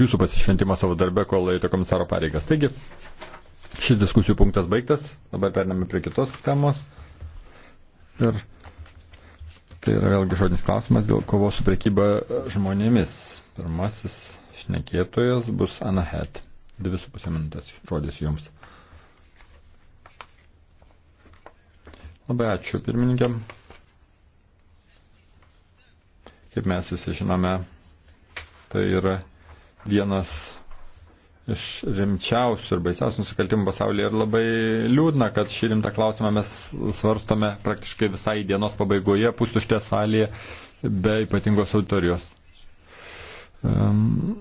jūsų pasišventimą savo darbę, kol laikote komisaro pareigas. Taigi, šis diskusijų punktas baigtas, dabar pername prie kitos temos. Ir tai yra vėlgi žodinis klausimas dėl kovos su priekyba žmonėmis. Pirmasis šnekėtojas bus Anahet. Dvi su pusė minutės žodis jums. Labai ačiū pirmininkėm. Kaip mes visi žinome, tai yra vienas iš rimčiausių ir baisiausių nusikaltimų pasaulyje ir labai liūdna, kad šį rimtą klausimą mes svarstome praktiškai visai dienos pabaigoje, pustuštė salėje, be ypatingos auditorijos. Um,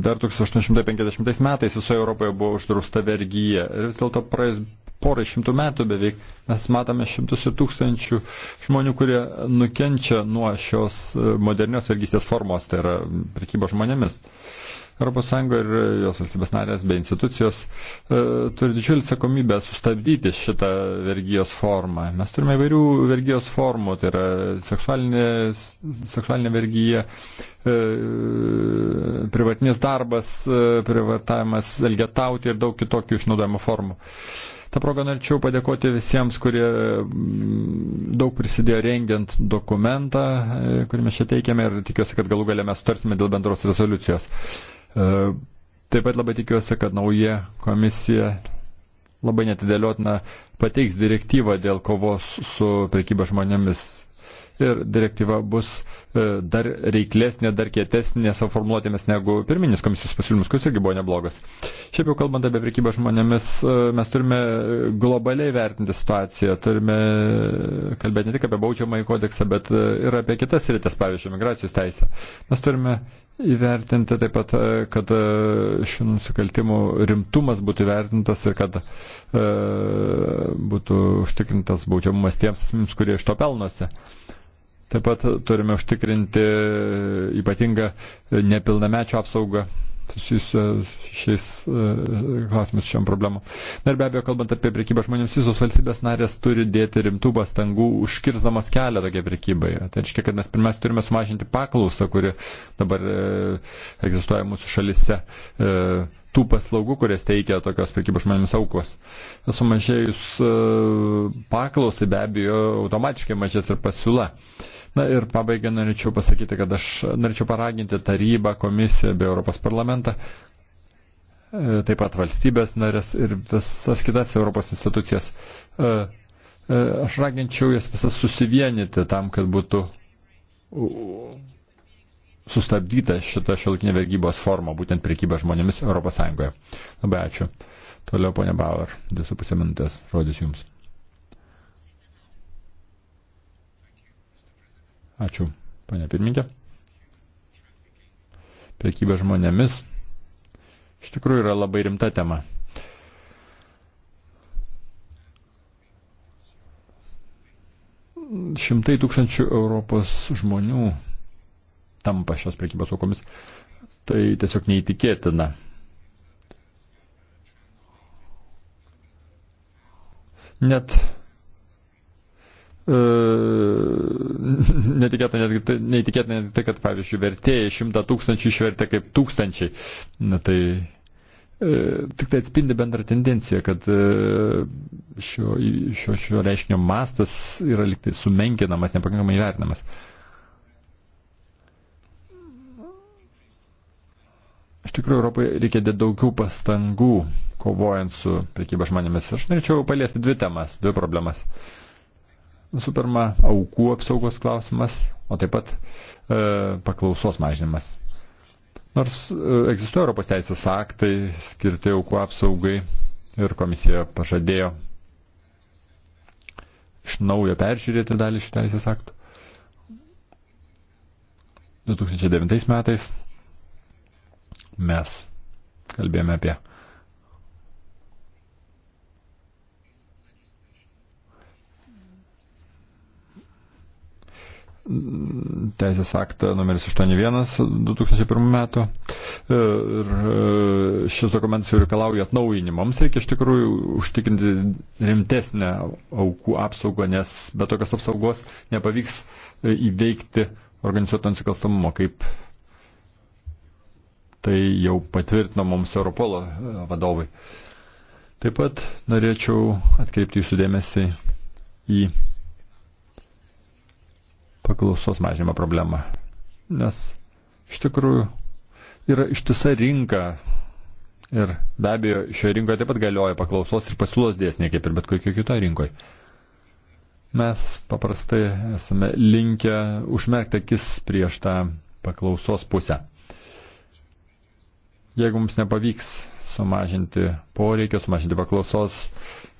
dar 1850 metais visoje Europoje buvo uždrausta vergyja ir vis dėlto praėjus porą šimtų metų beveik mes matome šimtus ir tūkstančių žmonių, kurie nukenčia nuo šios e, modernios vergystės formos, tai yra prekybo žmonėmis. ES ir jos valstybės narės bei institucijos e, turi didžiulį sakomybę sustabdyti šitą vergijos formą. Mes turime įvairių vergijos formų, tai yra seksualinė, seksualinė vergyja, e, privatinis darbas, e, privatavimas, elgetauti ir daug kitokių išnaudojimo formų. E, Ta proga norėčiau padėkoti visiems, kurie mm, daug prisidėjo rengiant dokumentą, e, kurį mes čia teikiame ir tikiuosi, kad galų galę mes tarsime dėl bendros rezoliucijos. E, taip pat labai tikiuosi, kad nauja komisija labai netidėliotina pateiks direktyvą dėl kovos su prekyba žmonėmis ir direktyva bus e, dar reiklesnė, dar kietesnė savo formuluotėmis negu pirminis komisijos pasiūlymas, kuris irgi buvo neblogas. Šiaip jau kalbant apie prekybą žmonėmis, e, mes turime globaliai vertinti situaciją, turime kalbėti ne tik apie baudžiamąjį kodeksą, bet e, ir apie kitas rytis, pavyzdžiui, migracijos teisę. Mes turime įvertinti taip pat, kad šių nusikaltimų rimtumas būtų įvertintas ir kad e, būtų užtikrintas baudžiamumas tiems asmenims, kurie iš to pelnosi. E, Taip pat turime užtikrinti ypatingą nepilnamečio apsaugą susijusiu šiais e, klausimais šiam problemu. Ir be abejo, kalbant apie prekybą žmonėms, visos valstybės narės turi dėti rimtų pastangų užkirzamas kelią tokiai prekybai. Tai reiškia, kad mes pirmiausia turime sumažinti paklausą, kuri dabar e, egzistuoja mūsų šalise e, tų paslaugų, kurias teikia tokios prekybos žmonėmis aukos. Sumažėjus paklausai be abejo automatiškai mažės ir pasiūla. Uh, Na ir pabaigai norėčiau pasakyti, kad aš norėčiau paraginti tarybą, komisiją bei Europos parlamentą, e, taip pat valstybės narės ir visas kitas Europos institucijas. E, e, aš raginčiau jas visas susivienyti tam, kad būtų sustabdyta šita šilkinė vergybos forma, būtent prekyba žmonėmis ES. Labai ačiū. Toliau, ponia Bauer, 2,5 minutės žodis jums. Ačiū, panė pirmininkė. Prekyba žmonėmis iš tikrųjų yra labai rimta tema. Šimtai tūkstančių Europos žmonių tampa šios prekybos aukomis. Tai tiesiog neįtikėtina. Net E, netikėtina netgi tai, neįtikėtina netgi tai, kad, pavyzdžiui, vertėjai šimtą tūkstančių išvertė kaip tūkstančiai. Na tai e, tik tai atspindi bendrą tendenciją, kad e, šio, šio, šio reiškinio mastas yra liktai sumenkinamas, nepakankamai vertinamas. Iš tikrųjų, Europai reikia daugiau pastangų kovojant su prekyba žmonėmis. Aš norėčiau paliesti dvi temas, dvi problemas. Uh, visų pirma, aukų apsaugos klausimas, o taip pat e, paklausos mažinimas. Nors e, egzistuoja Europos teisės aktai skirti aukų apsaugai ir komisija pažadėjo iš naujo peržiūrėti dalį šių teisės aktų. 2009 metais mes kalbėjome apie teisės aktą numeris 81 2001 metų. E, ir e, šis dokumentas jau reikalauja atnaujinimo. Mums reikia iš tikrųjų užtikrinti rimtesnę aukų apsaugą, nes be tokios apsaugos nepavyks e, įveikti organizuoto nusikalstamumo, kaip tai jau patvirtino mums Europolo vadovai. Taip pat norėčiau atkreipti jūsų dėmesį į paklausos mažinimo problemą. Nes iš tikrųjų yra ištisa rinka ir be abejo šioje rinkoje taip pat galioja paklausos ir pasiūlos dėsniai kaip ir bet kokio kito rinkoje. Mes paprastai esame linkę užmerkti akis prieš tą paklausos pusę. Jeigu mums nepavyks sumažinti poreikio, sumažinti paklausos,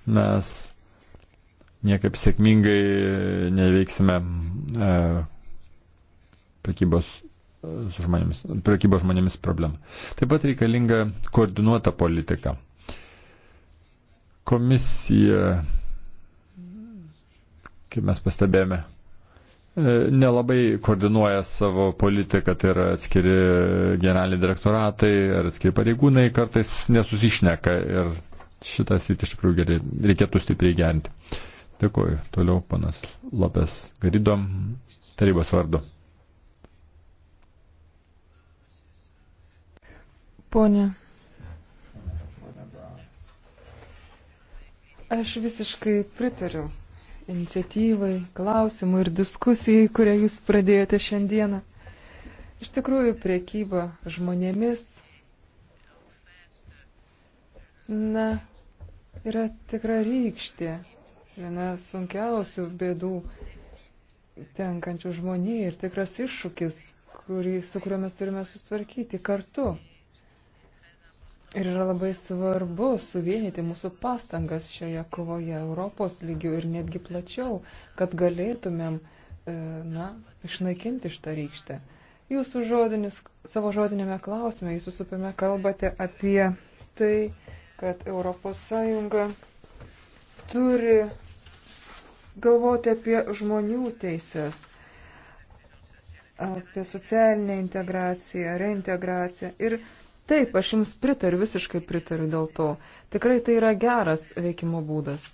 mes niekaip sėkmingai e, neveiksime e, prekybos e, su žmonėmis, prekybos žmonėmis problemą. Taip pat reikalinga koordinuota politika. Komisija, kaip mes pastebėjome, e, nelabai koordinuoja savo politiką, tai yra atskiri generaliniai direktoratai ar atskiri pareigūnai kartais nesusišneka ir šitas rytis iš tikrųjų gerai, reikėtų stipriai gerinti. Dėkuoju. Toliau panas Lopes Garido tarybos vardu. Pone. Aš visiškai pritariu iniciatyvai, klausimui ir diskusijai, kurią jūs pradėjote šiandieną. Iš tikrųjų, priekyba žmonėmis na, yra tikra rykštė viena sunkiausių bėdų tenkančių žmoniai ir tikras iššūkis, kurį, su kuriuo mes turime sustvarkyti kartu. Ir yra labai svarbu suvienyti mūsų pastangas šioje kovoje Europos lygių ir netgi plačiau, kad galėtumėm, e, na, išnaikinti šitą rykštę. Jūsų žodinis, savo žodinėme klausime, jūs visų pirma kalbate apie tai, kad ES turi galvoti apie žmonių teises, apie socialinę integraciją, reintegraciją. Ir taip, aš jums pritariu, visiškai pritariu dėl to. Tikrai tai yra geras veikimo būdas.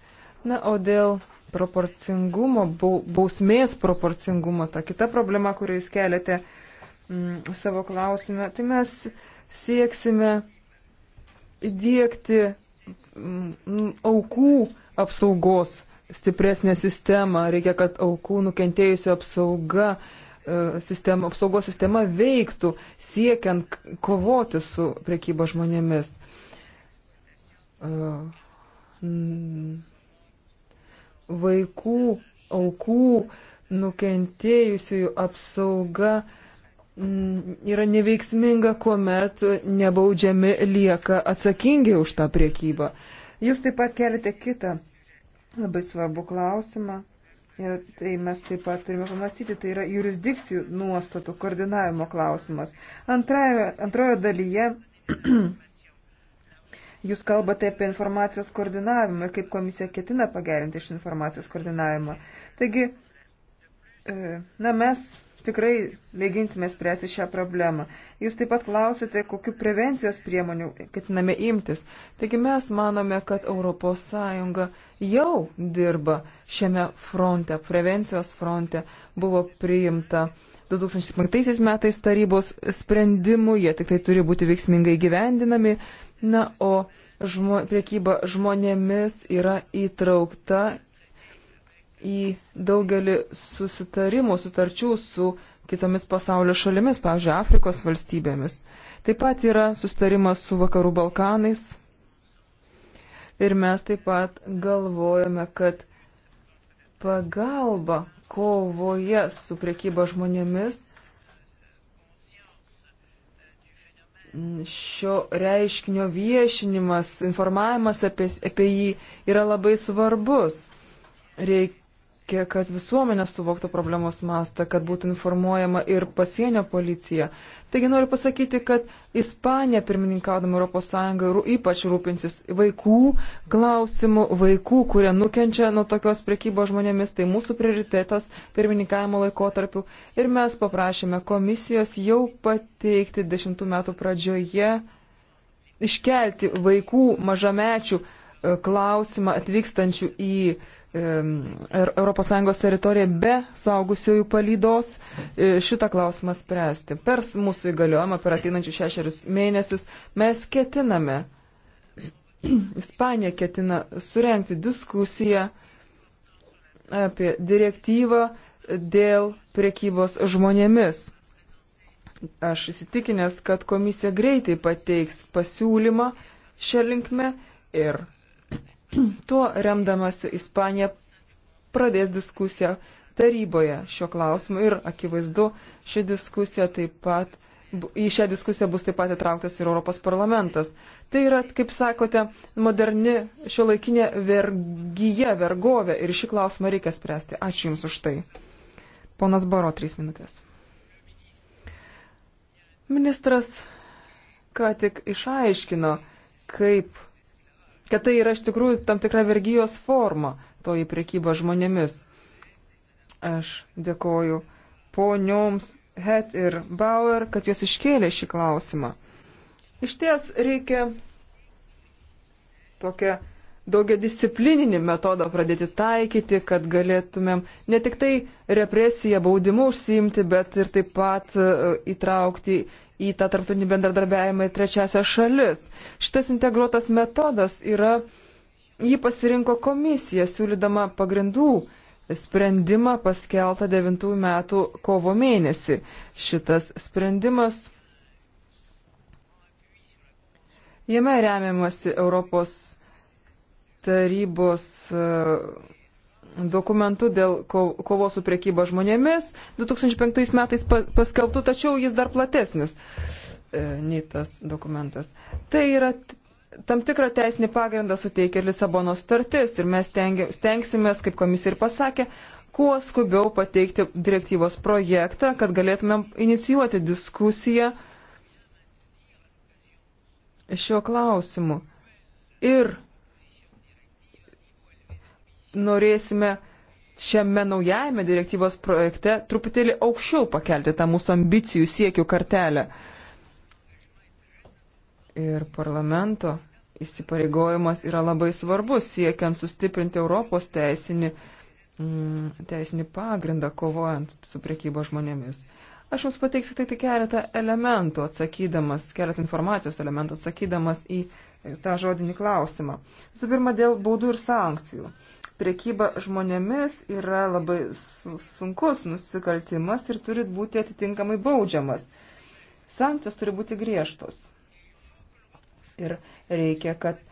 Na, o dėl proporcingumo, bausmės proporcingumo, ta kita problema, kurį jūs keliate mm, savo klausime, tai mes sieksime įdėkti mm, aukų apsaugos stipresnę sistemą, reikia, kad aukų nukentėjusių apsauga, e, sistema, apsaugos sistema veiktų, siekiant kovoti su priekyba žmonėmis. E, vaikų, aukų nukentėjusiųjų apsauga yra neveiksminga, kuomet nebaudžiami lieka atsakingi už tą priekybą. Jūs taip pat keliate kitą labai svarbu klausimą. Ir tai mes taip pat turime pamastyti, tai yra jurisdikcijų nuostatų koordinavimo klausimas. Antrajo, antrojo dalyje jūs kalbate apie informacijos koordinavimą ir kaip komisija ketina pagerinti iš informacijos koordinavimą. Taigi, e, na mes tikrai mėginsime spręsti šią problemą. Jūs taip pat klausite, kokiu prevencijos priemonių ketiname imtis. Taigi mes manome, kad ES jau dirba šiame fronte, prevencijos fronte buvo priimta. 2005 metais tarybos sprendimų, jie tik tai turi būti veiksmingai gyvendinami, na, o žmo, priekyba žmonėmis yra įtraukta į daugelį susitarimų, sutarčių su kitomis pasaulio šalimis, pavyzdžiui, Afrikos valstybėmis. Taip pat yra sustarimas su Vakarų Balkanais. Ir mes taip pat galvojame, kad pagalba kovoje su priekyba žmonėmis šio reiškinio viešinimas, informavimas apie, apie jį yra labai svarbus. Reikia reikia, kad visuomenė suvoktų problemos mastą, kad būtų informuojama ir pasienio policija. Taigi noriu pasakyti, kad Ispanija, pirmininkaudama ES, ypač rūpinsis vaikų klausimų, vaikų, kurie nukenčia nuo tokios priekybos žmonėmis, tai mūsų prioritetas pirmininkavimo laikotarpiu. Ir mes paprašėme komisijos jau pateikti dešimtų metų pradžioje iškelti vaikų mažamečių e, klausimą atvykstančių į ES er, teritoriją be saugusiojų palydos e, šitą klausimą spręsti. Per mūsų įgaliojimą per ateinančius šešerius mėnesius mes ketiname, Ispanija ketina surenkti diskusiją apie direktyvą dėl priekybos žmonėmis. Aš įsitikinęs, kad komisija greitai pateiks pasiūlymą šią linkmę ir Tuo remdamasi Ispanija pradės diskusiją taryboje šio klausimu ir akivaizdu, ši diskusija taip pat, į šią diskusiją bus taip pat įtrauktas ir Europos parlamentas. Tai yra, kaip sakote, moderni šio laikinė vergyje, vergovė ir šį klausimą reikia spręsti. Ačiū Jums už tai. Ponas Baro, trys minutės. Ministras ką tik išaiškino, kaip kad tai yra iš tikrųjų tam tikra vergyjos forma, toji priekyba žmonėmis. Aš dėkoju ponioms Het ir Bauer, kad jos iškėlė šį klausimą. Iš ties reikia tokią daugia disciplininį metodą pradėti taikyti, kad galėtumėm ne tik tai represiją, baudimu užsiimti, bet ir taip pat e, įtraukti į tą tarptautinį bendradarbiavimą į trečiasią šalis. Šitas integruotas metodas yra, jį pasirinko komisija, siūlydama pagrindų sprendimą paskeltą 9 metų kovo mėnesį. Šitas sprendimas. Jame remiamasi Europos tarybos uh, dokumentu dėl kovos su priekyba žmonėmis 2005 metais paskelbtu, tačiau jis dar platesnis e, nei tas dokumentas. Tai yra tam tikrą teisinį pagrindą suteikia Lisabonos startis ir mes stengsimės, kaip komisija ir pasakė, kuo skubiau pateikti direktyvos projektą, kad galėtumėm inicijuoti diskusiją šiuo klausimu. Ir norėsime šiame naujajame direktyvos projekte truputėlį aukščiau pakelti tą mūsų ambicijų siekių kartelę. Ir parlamento įsipareigojimas yra labai svarbus siekiant sustiprinti Europos teisinį, mm, teisinį pagrindą kovojant su priekybo žmonėmis. Aš Jums pateiksiu tik tai keletą elementų atsakydamas, keletą informacijos elementų atsakydamas į tą žodinį klausimą. Visų pirma, dėl baudų ir sankcijų priekyba žmonėmis yra labai sunkus nusikaltimas ir turi būti atitinkamai baudžiamas. Sankcijos turi būti griežtos. Ir reikia, kad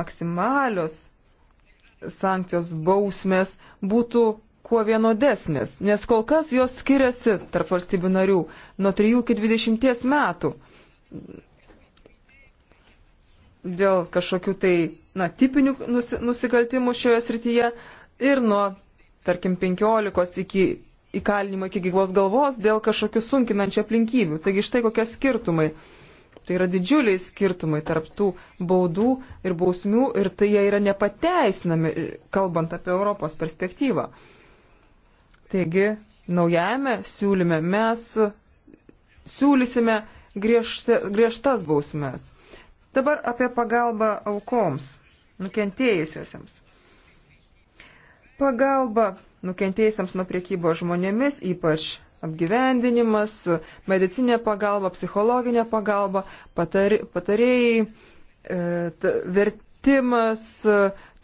maksimalios sankcijos bausmės būtų kuo vienodesnės, nes kol kas jos skiriasi tarp valstybių narių nuo 3 iki 20 metų dėl kažkokių tai na, tipinių nusikaltimų šioje srityje ir nuo, tarkim, 15 iki įkalinimo iki gyvos galvos dėl kažkokių sunkinančių aplinkybių. Taigi štai kokie skirtumai. Tai yra didžiuliai skirtumai tarp tų baudų ir bausmių ir tai jie yra nepateisinami, kalbant apie Europos perspektyvą. Taigi, naujame siūlyme mes siūlysime griežte, griežtas bausmes. Dabar apie pagalbą aukoms, nukentėjusiesiems. Pagalba nukentėjusiems nuo priekybo žmonėmis, ypač apgyvendinimas, medicinė pagalba, psichologinė pagalba, patari, patarėjai, e, t, vertimas,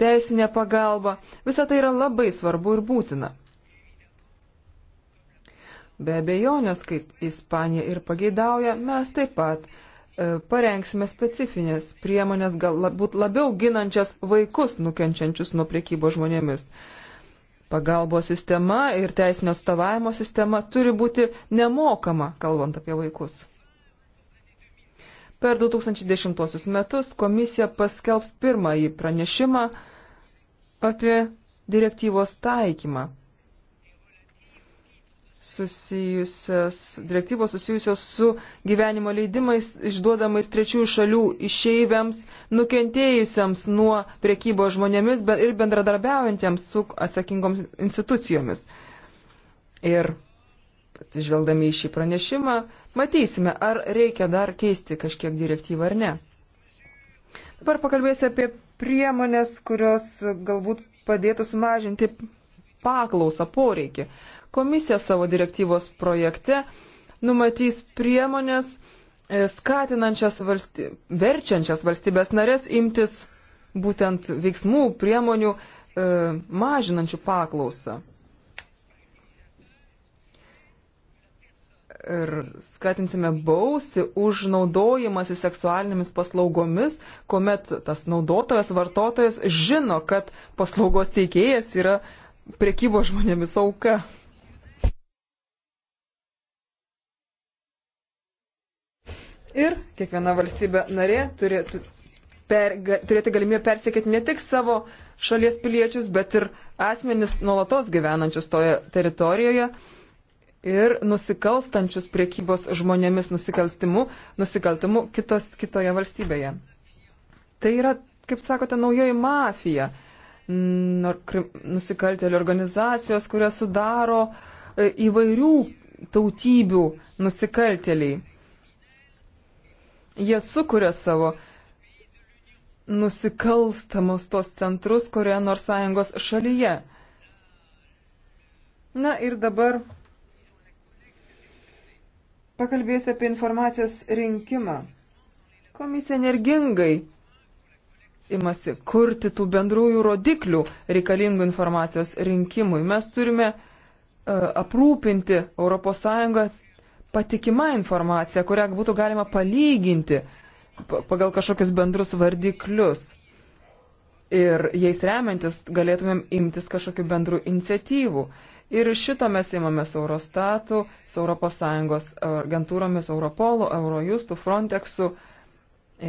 teisinė pagalba. Visa tai yra labai svarbu ir būtina. Be abejonės, kaip Ispanija ir pageidauja, mes taip pat E, parengsime specifinės priemonės, galbūt labiau ginančias vaikus nukenčiančius nuo priekybo žmonėmis. Pagalbos sistema ir teisinio atstovavimo sistema turi būti nemokama, kalbant apie vaikus. Per 2010 metus komisija paskelbs pirmąjį pranešimą apie direktyvos taikymą susijusios, direktyvos susijusios su gyvenimo leidimais išduodamais trečiųjų šalių išeiviams, nukentėjusiems nuo priekybo žmonėmis ir bendradarbiaujantiems su atsakingoms institucijomis. Ir atsižvelgdami į šį pranešimą, matysime, ar reikia dar keisti kažkiek direktyvą ar ne. Dabar pakalbėsiu apie priemonės, kurios galbūt padėtų sumažinti paklausą poreikį. Komisija savo direktyvos projekte numatys priemonės e, skatinančias valsty... verčiančias valstybės narės imtis būtent veiksmų, priemonių e, mažinančių paklausą. ir skatinsime bausti už naudojimąsi seksualinėmis paslaugomis, kuomet tas naudotojas, vartotojas žino, kad paslaugos teikėjas yra priekybo žmonėmis auka. Ir kiekviena valstybė narė turėtų per, ga, turėti galimybę persiekėti ne tik savo šalies piliečius, bet ir asmenis nuolatos gyvenančius toje teritorijoje ir nusikalstančius priekybos žmonėmis nusikalstimu, nusikaltimu kitos, kitoje valstybėje. Tai yra, kaip sakote, naujoji mafija, nusikaltėlių organizacijos, kurias sudaro e, įvairių tautybių nusikaltėliai. Jie sukuria savo nusikalstamus tos centrus kurioje nors sąjungos šalyje. Na ir dabar pakalbėsiu apie informacijos rinkimą. Komisija energingai imasi kurti tų bendrųjų rodiklių reikalingų informacijos rinkimui. Mes turime uh, aprūpinti ES patikima informacija, kurią būtų galima palyginti pagal kažkokius bendrus vardiklius. Ir jais remiantis galėtumėm imtis kažkokių bendrų iniciatyvų. Ir šito mes įmame su Eurostatu, su ES agentūromis Europolu, Eurojustu, Frontexu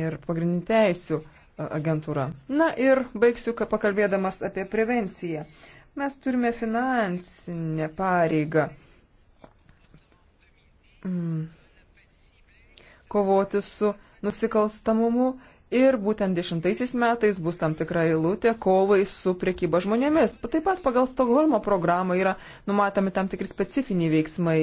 ir pagrindinių teisių agentūra. Na ir baigsiu, kad pakalbėdamas apie prevenciją. Mes turime finansinę pareigą mm, kovoti su nusikalstamumu ir būtent dešimtaisiais metais bus tam tikra eilutė kovai su priekyba žmonėmis. Taip pat pagal Stokholmo programą yra numatomi tam tikri specifiniai veiksmai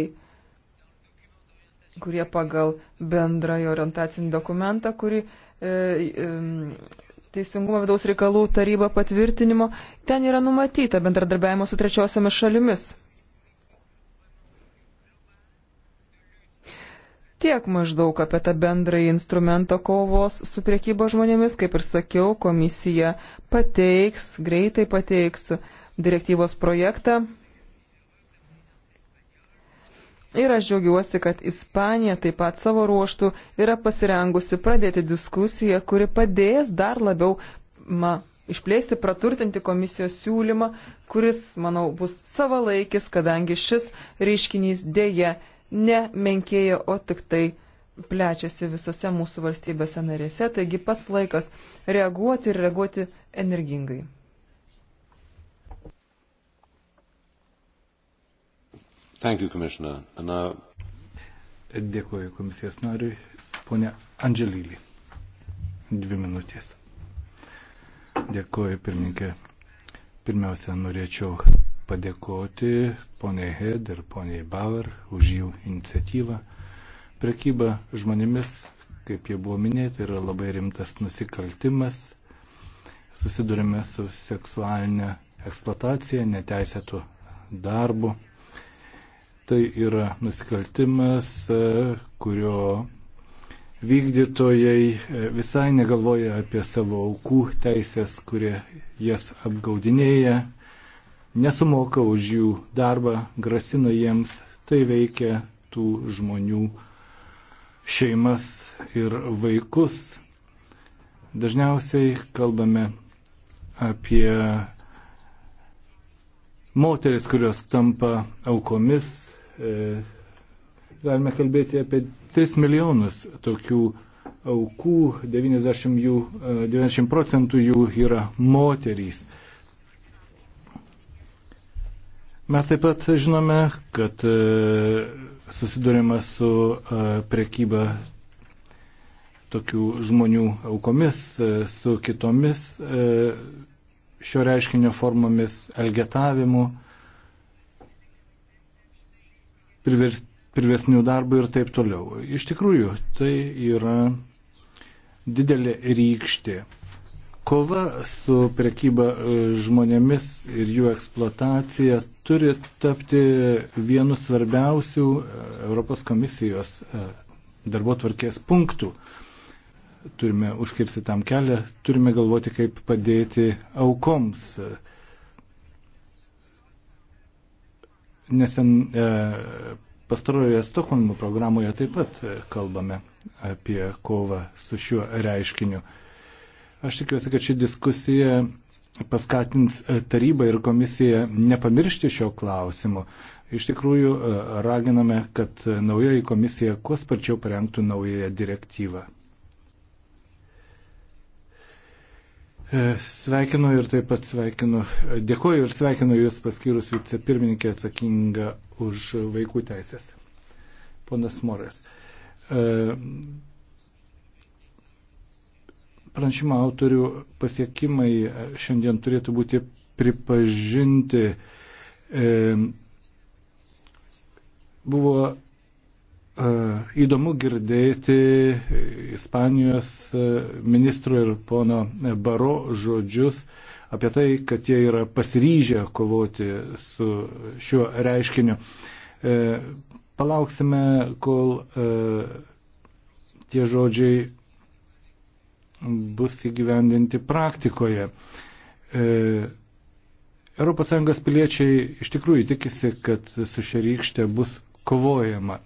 kurie pagal bendrąjį orientacinį dokumentą, kurį e, e, Teisingumo vidaus reikalų taryba patvirtinimo, ten yra numatyta bendradarbiavimo su trečiosiamis šalimis. Tiek maždaug apie tą bendrąjį instrumentą kovos su priekybo žmonėmis. Kaip ir sakiau, komisija pateiks, greitai pateiks direktyvos projektą. Ir aš džiaugiuosi, kad Ispanija taip pat savo ruoštų yra pasirengusi pradėti diskusiją, kuri padės dar labiau ma, išplėsti, praturtinti komisijos siūlymą, kuris, manau, bus savalaikis, kadangi šis reiškinys dėje nemenkėja, o tik tai plečiasi visose mūsų valstybėse narėse, taigi pats laikas reaguoti ir reaguoti energingai. Thank you, Commissioner. And now... Dėkuoju komisijos nariui, ponė Andželylį. Dvi minutės. Dėkuoju, pirmininkė. Pirmiausia, norėčiau padėkoti poniai Hed ir poniai Bauer už jų iniciatyvą. Prekyba žmonėmis, kaip jau buvo minėta, yra labai rimtas nusikaltimas. Susidurime su seksualinė eksploatacija, neteisėtų darbu. Tai yra nusikaltimas, kurio vykdytojai e, visai negalvoja apie savo aukų teisės, kurie jas apgaudinėja nesumoka už jų darbą, grasina jiems, tai veikia tų žmonių šeimas ir vaikus. Dažniausiai kalbame apie moteris, kurios tampa aukomis. E, galime kalbėti apie 3 milijonus tokių aukų, 90, jų, 90 e, procentų jų yra moterys. Mes taip pat žinome, kad e, susidurime su e, prekyba tokių žmonių aukomis, e, su kitomis šio reiškinio formomis, elgetavimu, privesnių darbų ir taip toliau. Iš tikrųjų, tai yra didelė rykštė Kova su prekyba e, žmonėmis ir jų eksploatacija turi tapti vienu svarbiausių e, Europos komisijos e, darbo tvarkės punktų. Turime užkirsti tam kelią, turime galvoti, kaip padėti aukoms. Nesen e, pastarojoje Stokholmo programoje taip pat kalbame apie kovą su šiuo reiškiniu. E, Aš tikiuosi, kad ši diskusija paskatins e, tarybą ir komisiją nepamiršti šio klausimo. Iš tikrųjų, e, raginame, kad e, naujoji komisija kuo sparčiau parengtų naująją direktyvą. Sveikinu ir taip pat sveikinu, dėkoju ir sveikinu Jūs paskyrus vicepirmininkė atsakinga už vaikų teisės. Ponas Moras pranešimo autorių pasiekimai šiandien turėtų būti pripažinti. E, buvo e, įdomu girdėti Ispanijos e, ministro ir pono Baro žodžius apie tai, kad jie yra pasiryžę kovoti su šiuo reiškiniu. E, palauksime, kol e, tie žodžiai bus įgyvendinti praktikoje. ES piliečiai iš tikrųjų tikisi, kad su šia rykšte bus kovojama.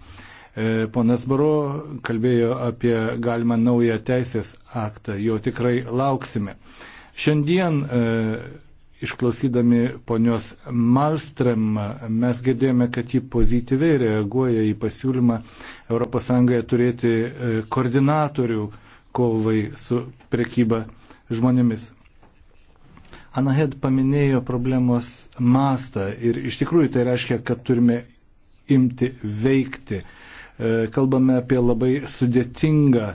E, ponas Baro kalbėjo apie galimą naują teisės aktą, jo tikrai lauksime. Šiandien e, išklausydami ponios Malstrem mes girdėjome, kad ji pozityviai reaguoja į pasiūlymą ES turėti e, koordinatorių kovai su prekyba žmonėmis. Anahed paminėjo problemos mastą ir iš tikrųjų tai reiškia, kad turime imti veikti. E, kalbame apie labai sudėtingą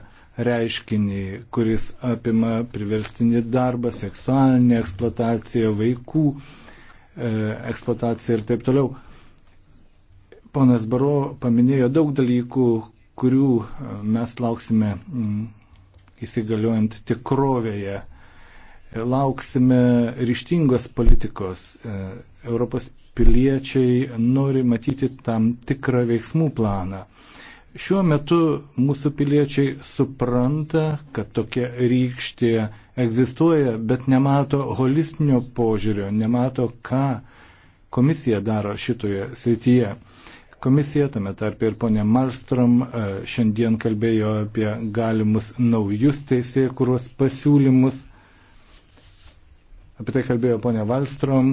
reiškinį, kuris apima priverstinį darbą, seksualinį eksploataciją vaikų, e, eksploataciją ir taip toliau. Ponas Baro paminėjo daug dalykų, kurių e, mes lauksime mm, įsigaliojant tikrovėje. Lauksime ryštingos politikos. E, Europos piliečiai nori matyti tam tikrą veiksmų planą. Šiuo metu mūsų piliečiai supranta, kad tokia rykštė egzistuoja, bet nemato holistinio požiūrio, nemato, ką komisija daro šitoje srityje. Komisija, tame tarp ir ponė Marstrom, e, šiandien kalbėjo apie galimus naujus teisėjų kūros pasiūlymus. Apie tai kalbėjo ponė Valstrom.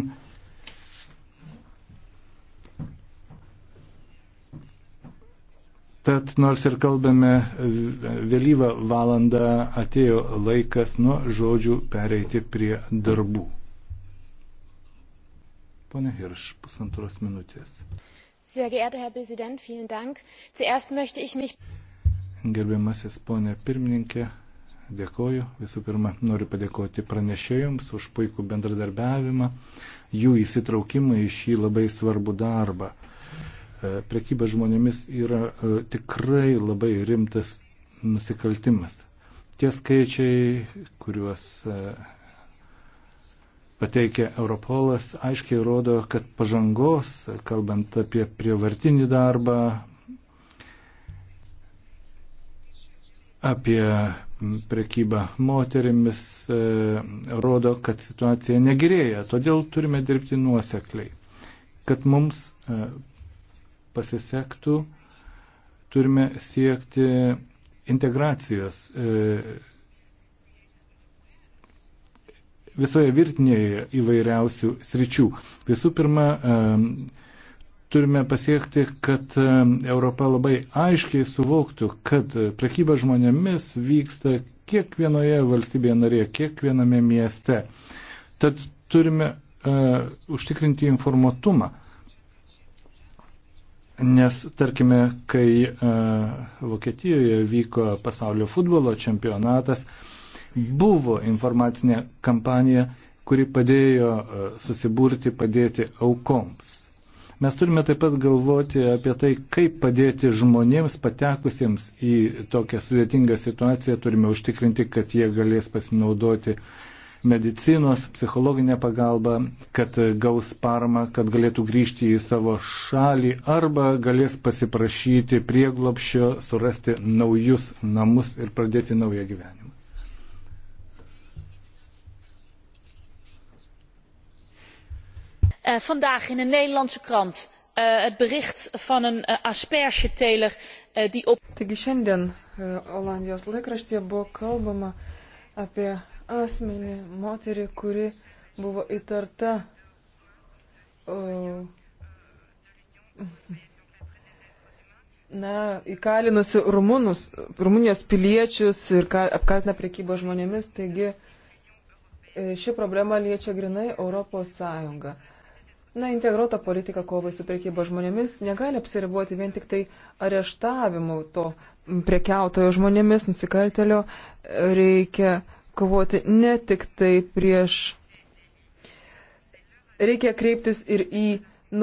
Tad nors ir kalbame vėlyvą valandą, atėjo laikas nuo žodžių pereiti prie darbų. Pone Hirš, pusantros minutės. Sehr geehrter Herr Präsident, vielen Dank. Zuerst möchte ich mich. Gerbiamasis ponė pirmininkė, dėkoju. Visų pirma, noriu padėkoti pranešėjams už puikų bendradarbiavimą, jų įsitraukimą į šį labai svarbų darbą. E, prekyba žmonėmis yra e, tikrai labai rimtas nusikaltimas. Tie skaičiai, kuriuos e, pateikia Europolas, aiškiai rodo, kad pažangos, kalbant apie prievartinį darbą, apie prekybą moterimis, e, rodo, kad situacija negerėja. Todėl turime dirbti nuosekliai. Kad mums e, pasisektų, turime siekti integracijos e, visoje virtinėje įvairiausių sričių. Visų pirma, turime pasiekti, kad Europa labai aiškiai suvoktų, kad prekyba žmonėmis vyksta kiekvienoje valstybėje narėje, kiekviename mieste. Tad turime uh, užtikrinti informatumą. Nes, tarkime, kai uh, Vokietijoje vyko pasaulio futbolo čempionatas, uh, buvo informacinė kampanija, kuri padėjo e, susiburti, padėti aukoms. Mes turime taip pat galvoti apie tai, kaip padėti žmonėms patekusiems į tokią sudėtingą situaciją. Turime užtikrinti, kad jie galės pasinaudoti medicinos, psichologinę pagalbą, kad gaus paramą, kad galėtų grįžti į savo šalį arba galės pasiprašyti prieglopščio, surasti naujus namus ir pradėti naują gyvenimą. Eh, vandaag in een nederlandse krant eh, het bericht van een eh, aspergeteler die op. taigi šiandien olandijos laikraštyje buvo kalbama apie asmenį moterį kuri buvo įtarta na, įkalinusi rumunus, rumunijos piliečius ir apkaltina prekybą žmonėmis, taigi ši problema liečia grinai Europos Sąjungą. Na, integruota politika kovai su priekyba žmonėmis negali apsiribuoti vien tik tai areštavimu to prekiautojo žmonėmis, nusikaltelio. Reikia kovoti ne tik tai prieš. Reikia kreiptis ir į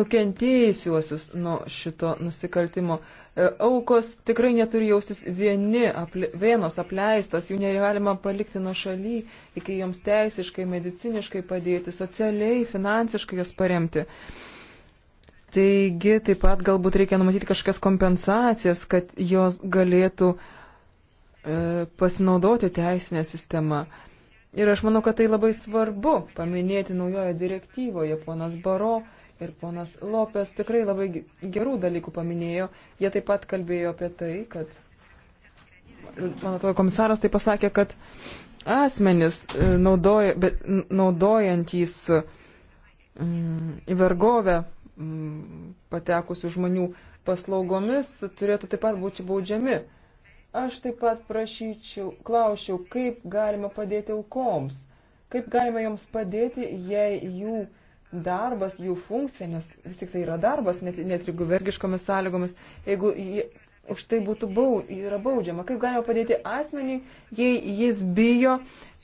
nukentėjusiuosius nuo šito nusikaltimo. E, aukos tikrai neturi jaustis vieni, aple, vienos apleistos, jų negalima palikti nuo šaly, iki joms teisiškai, mediciniškai padėti, socialiai, finansiškai jas paremti. Taigi taip pat galbūt reikia numatyti kažkas kompensacijas, kad jos galėtų e, pasinaudoti teisinę sistemą. Ir aš manau, kad tai labai svarbu paminėti naujoje direktyvoje, ponas Baro. E, ir ponas Lopes tikrai labai gerų dalykų paminėjo. Jie taip pat kalbėjo apie tai, kad, man atrodo, komisaras tai pasakė, kad asmenys e, naudoja, bet, naudojantys mm, e, įvergovę mm, patekusių žmonių paslaugomis turėtų taip pat būti baudžiami. Aš taip pat prašyčiau, klausiau, kaip galima padėti aukoms, kaip galima joms padėti, jei jų uh, darbas, jų funkcija, nes vis tik tai yra darbas, net, net jeigu vergiškomis sąlygomis, jeigu jie, už tai būtų bau, yra baudžiama. Kaip galima padėti asmeniui, jei jis bijo,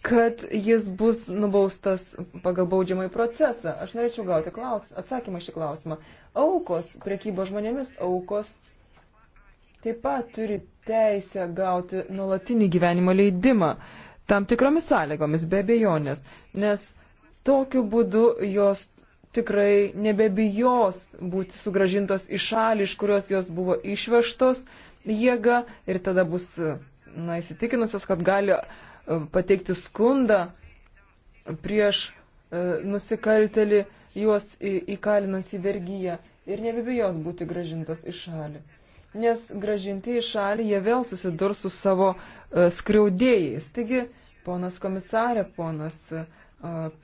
kad jis bus nubaustas pagal baudžiamąjį procesą? Aš norėčiau gauti klaus, atsakymą šį klausimą. Aukos, priekybo žmonėmis aukos, taip pat turi teisę gauti nuolatinį gyvenimo leidimą. Tam tikromis sąlygomis, be abejonės, nes tokiu būdu jos tikrai nebebijos būti sugražintos į šalį, iš kurios jos buvo išvežtos jėga ir tada bus na, įsitikinusios, kad gali e, pateikti skundą prieš e, nusikaltelį juos įkalinant į vergyją ir nebebijos būti gražintos į šalį. Nes gražinti į šalį jie vėl susidurs su savo e, skriaudėjais. Taigi, ponas komisarė, ponas e,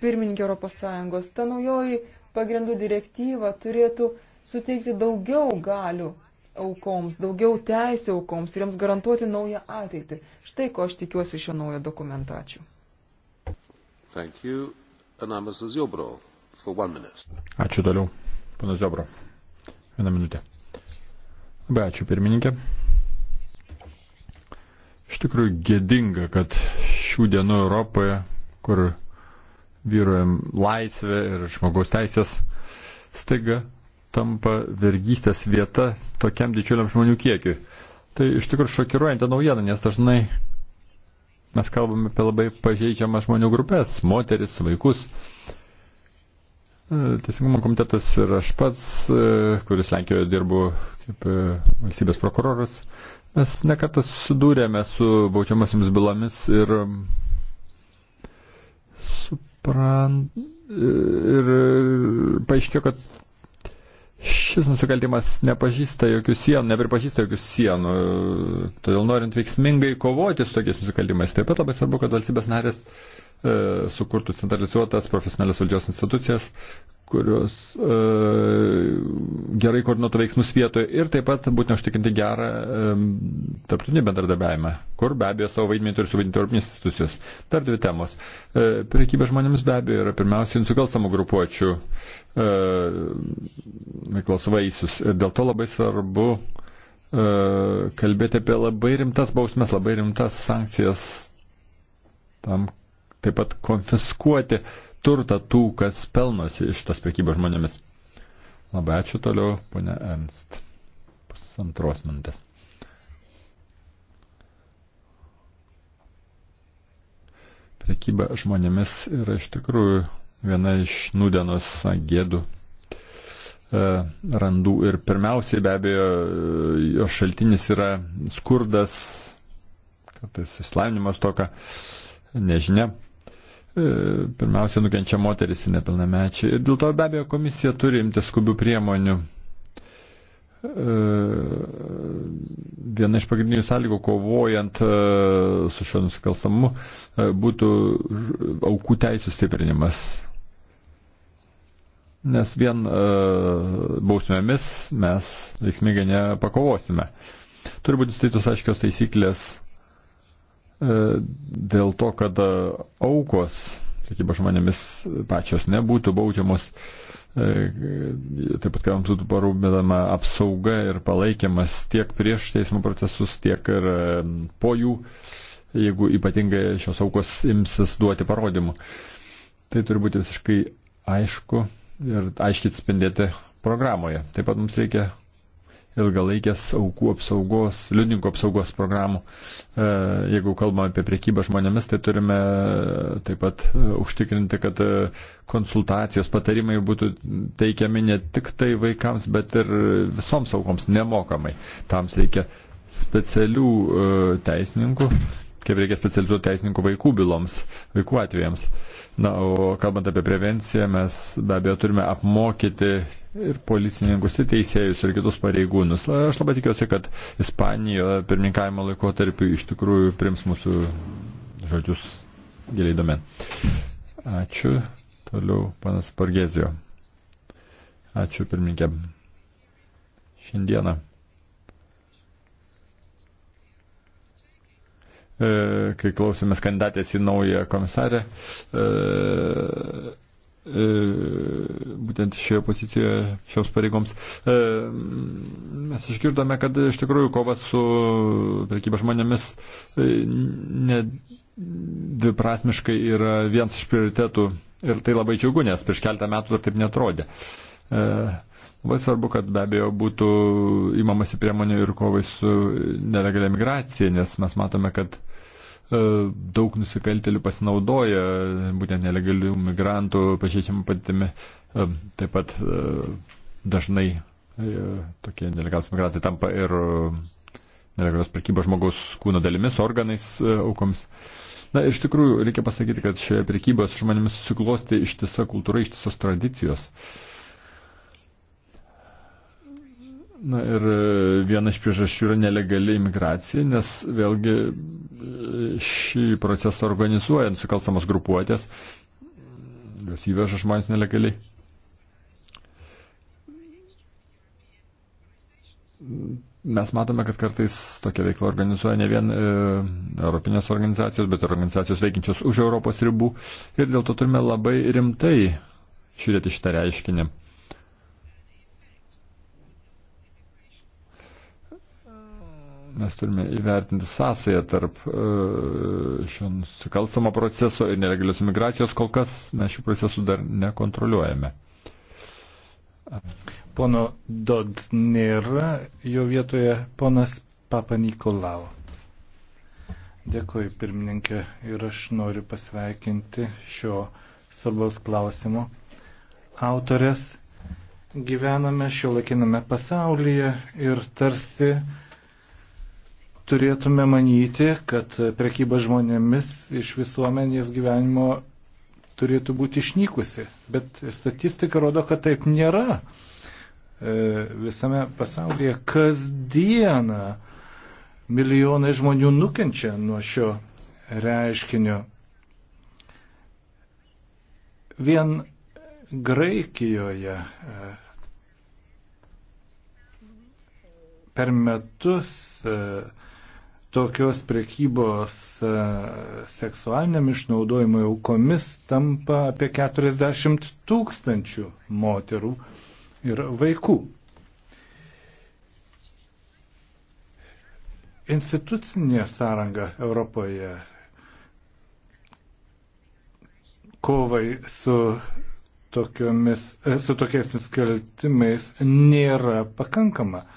pirmininkė ES, ta naujoji pagrindų direktyva turėtų suteikti daugiau galių aukoms, daugiau teisų aukoms ir jiems garantuoti naują ateitį. Štai ko aš tikiuosi šio naujo dokumento. Ačiū. Ačiū toliau. Pana Ziobro. Vieną minutę. Labai ačiū pirmininkė. Iš tikrųjų gėdinga, kad šių dienų Europoje, kur vyrojam laisvė ir žmogaus teisės staiga tampa vergystės vieta tokiam didžiuliam žmonių kiekiui. Tai iš tikrųjų šokiruojanti naujiena, nes dažnai mes kalbame apie labai pažeidžiamas žmonių grupės - moteris, vaikus. E, Teisingumo komitetas ir aš pats, e, kuris Lenkijoje dirbu kaip e, valstybės prokuroras, mes nekartą susidūrėme su baudžiamosiamis bylomis ir su Pran... Ir paaiškėjo, kad šis nusikaltimas nepažįsta jokių sienų, nepripažįsta jokių sienų. Todėl norint veiksmingai kovoti su tokiais nusikaltimais, taip pat labai svarbu, kad valstybės narės uh, E, sukurtų centralizuotas profesionalias valdžios institucijas, kurios e, gerai koordinuotų veiksmus vietoje ir taip pat būtent užtikrinti gerą e, tarptautinį bendradarbiavimą, kur be abejo savo vaidmenį turi suvaidinti Europinės institucijos. Dar dvi temos. E, Priekybė žmonėms be abejo yra pirmiausiai nusikalstamų grupuočių e, veiklos vaisius ir dėl to labai svarbu e, kalbėti apie labai rimtas bausmes, labai rimtas sankcijas tam, taip pat konfiskuoti turtą tų, kas pelnosi iš tos prekybos žmonėmis. Labai ačiū toliau, ponia Ernst. Pusantros minutės. Prekyba žmonėmis yra iš tikrųjų viena iš nudenos gėdų e, randų ir pirmiausiai be abejo jo šaltinis yra skurdas, kartais įslavinimas toka, nežinia. E, pirmiausia nukenčia moteris ir nepilnamečiai. Ir dėl to be abejo komisija turi imti skubių priemonių. E, viena iš pagrindinių sąlygų kovojant e, su šio nusikalstamu būtų aukų teisų stiprinimas. Nes vien bausmėmis mes veiksmingai nepakovosime. Turi būti statytos aiškios taisyklės E, dėl to, kad e, aukos, prekyba žmonėmis pačios nebūtų baudžiamos, e, taip pat, kad būtų parūpinama apsauga ir palaikymas tiek prieš teismo procesus, tiek ir po jų, jeigu ypatingai šios aukos imsis duoti parodymų. Tai turi būti visiškai aišku ir aiškiai atspindėti programoje. Taip pat mums reikia ilgalaikės aukų apsaugos, liudininkų apsaugos programų. E, jeigu kalbame apie priekybą žmonėmis, tai turime e, taip pat e, užtikrinti, kad konsultacijos, patarimai būtų teikiami ne tik tai vaikams, bet ir visoms aukoms nemokamai. Tams reikia specialių teisininkų kaip reikia specializuotų teisininkų vaikų byloms, vaikų atvejams. Na, o kalbant apie prevenciją, mes be abejo turime apmokyti ir policininkus, ir teisėjus, ir kitus pareigūnus. Aš labai tikiuosi, kad Ispanijoje pirmininkavimo laikotarpiu iš tikrųjų prims mūsų žodžius giliai domen. Ačiū. Toliau panas Pargezijo. Ačiū pirmininkė. Šiandieną E, kai klausėmės kandidatės į naują komisarę, e, e, būtent šioje pozicijoje šioms pareigoms. Mes išgirdome, kad iš tikrųjų kova su prekyba žmonėmis ne dviprasmiškai yra vienas iš prioritetų ir tai labai džiugu, nes prieš keltą metų dar taip netrodė. Uh, Labai svarbu, kad be abejo būtų įmamasi priemonių ir kovai su nelegalia migracija, nes mes matome, kad e, daug nusikaltelių pasinaudoja būtent nelegalių migrantų pažeidžiamą patimi. E, taip pat e, dažnai tokie nelegalus migrantai tampa ir nelegalios prekybos žmogaus kūno dalimis, organais, aukoms. Na, iš tikrųjų, reikia pasakyti, kad šioje prekybos žmonėmis susiklosti ištisa kultūra, ištisos tradicijos. Uh, Na ir e, viena iš priežasčių yra nelegali imigracija, nes vėlgi e, šį procesą organizuoja nusikalstamos grupuotės, jos įveža žmonės nelegaliai. mes matome, kad kartais tokia veikla organizuoja ne vien e, Europinės organizacijos, bet ir organizacijos veikiančios už Europos ribų. Ir dėl to turime labai rimtai žiūrėti šitą reiškinį. mes turime įvertinti sąsąją tarp e, šio nusikalstamo proceso ir nelegalios imigracijos. Kol kas mes šių procesų dar nekontroliuojame. Pono Dodds nėra, jo vietoje ponas Papa Nikolau. Dėkui, pirmininkė, ir aš noriu pasveikinti šio svarbaus klausimo autorės gyvename šio laikiname pasaulyje ir tarsi turėtume manyti, kad prekyba žmonėmis iš visuomenės gyvenimo turėtų būti išnykusi. Bet statistika rodo, kad taip nėra. E, visame pasaulyje kasdieną milijonai žmonių nukenčia nuo šio reiškinio. Vien Graikijoje e, per metus uh, tokios prekybos e, seksualiniam išnaudojimui aukomis tampa apie 40 tūkstančių moterų ir vaikų. Institucinė sąranga Europoje kovai su, tokiomis, e, su tokiais nusikaltimais nėra pakankama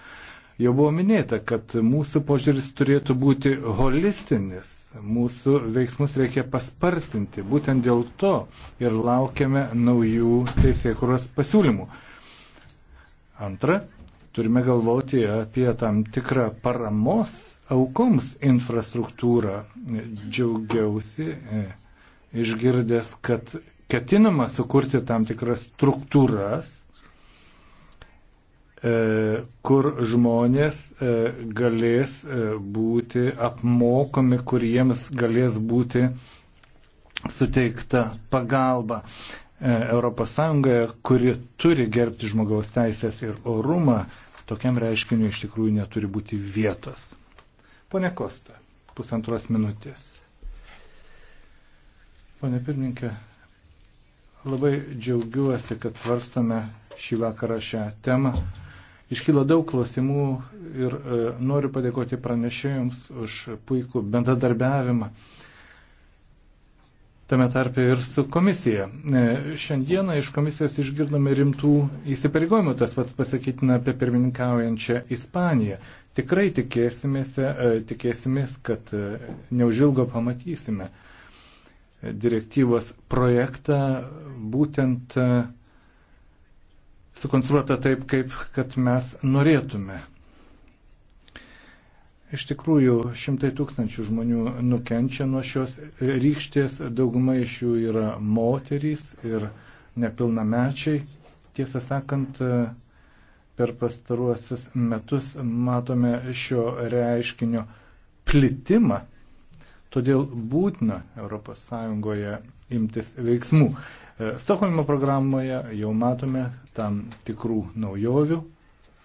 Jau buvo minėta, kad mūsų požiūris turėtų būti holistinis, mūsų veiksmus reikia paspartinti. Būtent dėl to ir laukiame naujų teisėkuros pasiūlymų. Antra, turime galvoti apie tam tikrą paramos aukoms infrastruktūrą. Džiaugiausi e, išgirdęs, kad ketinama sukurti tam tikras struktūras E, kur žmonės e, galės e, būti apmokomi, kur jiems galės būti suteikta pagalba. ES, kuri turi gerbti žmogaus teisės ir orumą, tokiam reiškiniu iš tikrųjų neturi būti vietos. Pone Kosta, pusantros minutės. Pone pirmininkė, labai džiaugiuosi, kad svarstome šį vakarą šią temą. Iškyla daug klausimų ir e, noriu padėkoti pranešėjams už puikų bendradarbiavimą. Tame tarpe ir su komisija. E, šiandieną iš komisijos išgirdome rimtų įsipareigojimų, tas pats pasakytina apie pirmininkaujančią Ispaniją. Tikrai tikėsimės, e, tikėsimės kad e, neužilgo pamatysime e, direktyvos projektą būtent e, sukonstruota taip, kaip kad mes norėtume. Iš tikrųjų, šimtai tūkstančių žmonių nukenčia nuo šios rykštės, dauguma iš jų yra moterys ir nepilnamečiai. Tiesą sakant, per pastaruosius metus matome šio reiškinio plitimą, todėl būtina ES imtis veiksmų. E, Stokholmo programoje jau matome tam tikrų naujovių.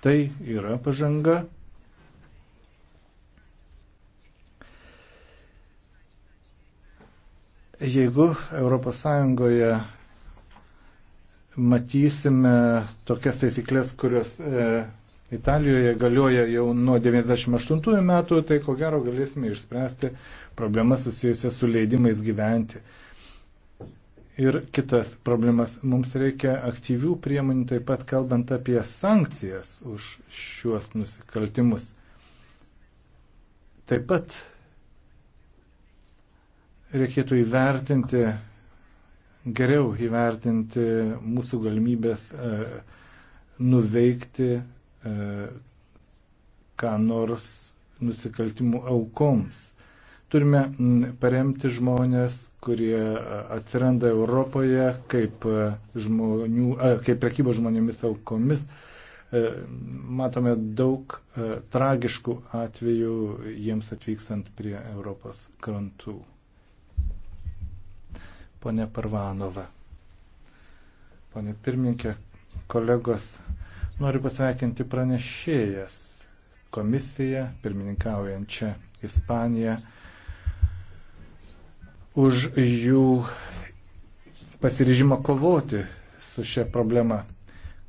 Tai yra pažanga. Jeigu ES matysime tokias taisyklės, kurios e, Italijoje galioja jau nuo 98 metų, tai ko gero galėsime išspręsti problemas susijusias su leidimais gyventi ir kitas problemas. Mums reikia aktyvių priemonių taip pat kalbant apie sankcijas už šiuos nusikaltimus. Taip pat reikėtų įvertinti, geriau įvertinti mūsų galimybės e, nuveikti e, ką nors nusikaltimų aukoms. Turime paremti žmonės, kurie atsiranda Europoje kaip, žmonių, a, kaip prekybos žmonėmis aukomis. E, matome daug tragiškų atvejų jiems atvykstant prie Europos krantų. Pone Parvanova. Pone pirmininkė, kolegos, noriu pasveikinti pranešėjas komisiją, pirmininkaujančią Ispaniją už jų pasiryžimą kovoti su šia problema.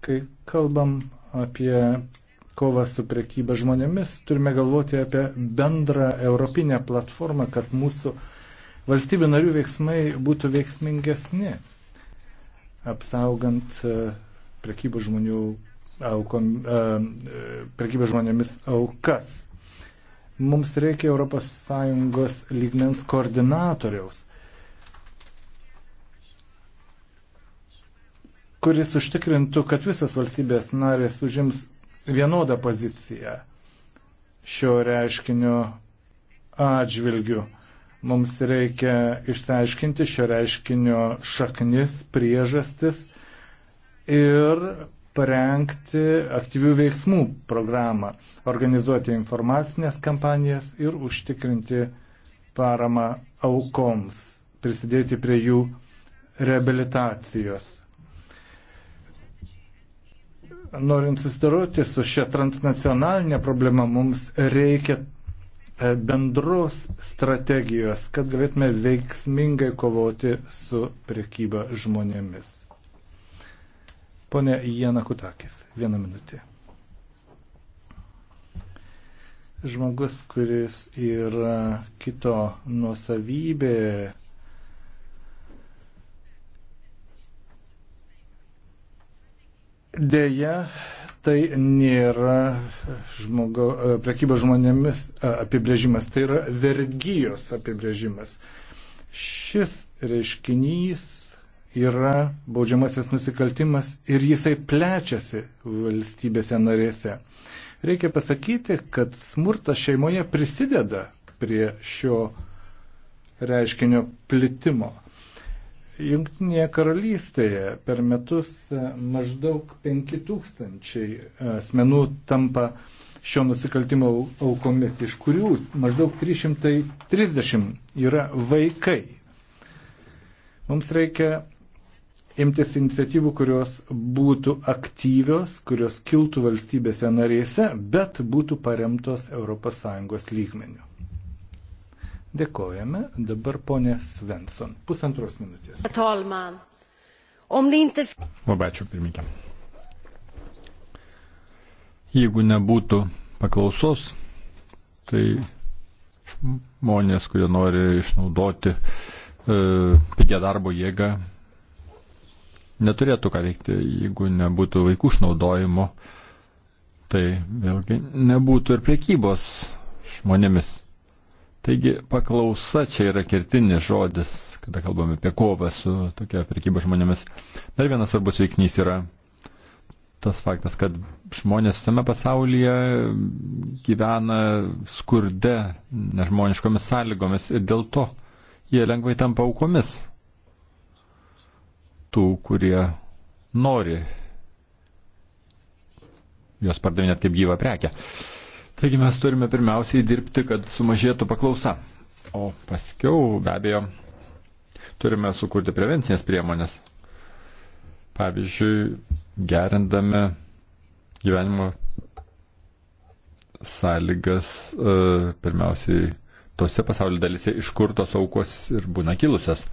Kai kalbam apie kovą su priekyba žmonėmis, turime galvoti apie bendrą europinę platformą, kad mūsų valstybių narių veiksmai būtų veiksmingesni, apsaugant e, priekybą žmonių aukom, e, e, priekybą žmonėmis aukas. Mums reikia ES lygmens koordinatoriaus, kuris užtikrintų, kad visas valstybės narės užims vienodą poziciją šio reiškinio atžvilgiu mums reikia išsiaiškinti šio reiškinio šaknis, priežastis ir parengti aktyvių veiksmų programą, organizuoti informacinės kampanijas ir užtikrinti paramą aukoms, prisidėti prie jų reabilitacijos. Norint susidaroti su šia transnacionalinė problema, mums reikia e, bendros strategijos, kad galėtume veiksmingai kovoti su priekyba žmonėmis. Pone Jana Kutakis, vieną minutę. Žmogus, kuris yra kito nuosavybė, dėja, tai nėra žmogo, prekybos žmonėmis apibrėžimas, tai yra vergyjos apibrėžimas. Šis reiškinys yra baudžiamasis nusikaltimas ir jisai plečiasi valstybėse narėse. Reikia pasakyti, kad smurtas šeimoje prisideda prie šio reiškinio plitimo. Junktinėje karalystėje per metus maždaug 5000 asmenų tampa šio nusikaltimo aukomis, iš kurių maždaug 330 yra vaikai. Mums reikia imtis iniciatyvų, kurios būtų aktyvios, kurios kiltų valstybėse narėse, bet būtų paremtos ES lygmeniu. Dėkojame. Dabar ponė Svensson. Pusantros minutės. Labai ačiū, pirmininkė. Jeigu nebūtų paklausos, tai žmonės, kurie nori išnaudoti e, pigią darbo jėgą, neturėtų ką veikti, jeigu nebūtų vaikų išnaudojimo, tai vėlgi nebūtų ir priekybos žmonėmis. Taigi paklausa čia yra kertinis žodis, kada kalbame apie kovą su tokia prekyba žmonėmis. Dar vienas svarbus veiksnys yra tas faktas, kad žmonės visame pasaulyje gyvena skurde, nežmoniškomis sąlygomis ir dėl to jie lengvai tampa aukomis tų, kurie nori juos pardavinėti kaip gyvą prekę. Taigi mes turime pirmiausiai dirbti, kad sumažėtų paklausa. O paskiau, be abejo, turime sukurti prevencinės priemonės. Pavyzdžiui, gerindami gyvenimo sąlygas e, pirmiausiai tose pasaulio dalyse, iš kur tos aukos ir būna kilusios.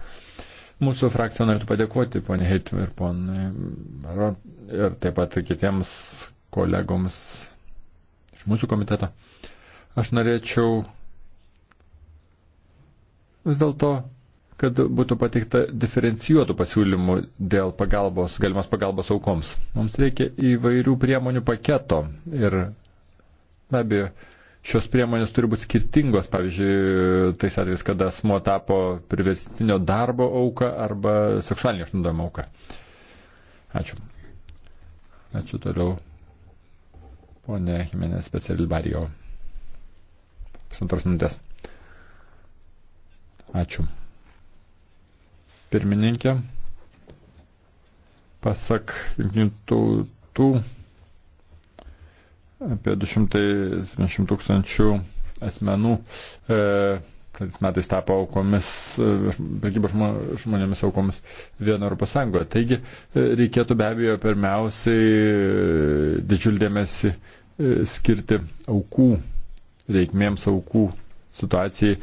Mūsų frakcija norėtų padėkoti ponė Heitim ir ponai ir taip pat kitiems kolegoms iš mūsų komiteto. Aš norėčiau vis dėlto, kad būtų pateikta diferencijuotų pasiūlymų dėl pagalbos, galimos pagalbos aukoms. Mums reikia įvairių priemonių paketo ir be abejo, šios priemonės turi būti skirtingos, pavyzdžiui, tais atvejais, kada asmo tapo priverstinio darbo auka arba seksualinio išnaudojimo auka. Ačiū. Ačiū toliau. Pone Jimenez specialibarijo. Pusantros minutės. Ačiū. Pirmininkė. Pasak jungtinių tautų apie 270 tūkstančių asmenų e, praeitais metais tapo aukomis, e, prekybos žmonėmis aukomis vieno Europos Sąjungoje. Taigi e, reikėtų be abejo pirmiausiai e, didžiulį dėmesį skirti aukų reikmėms, aukų situacijai.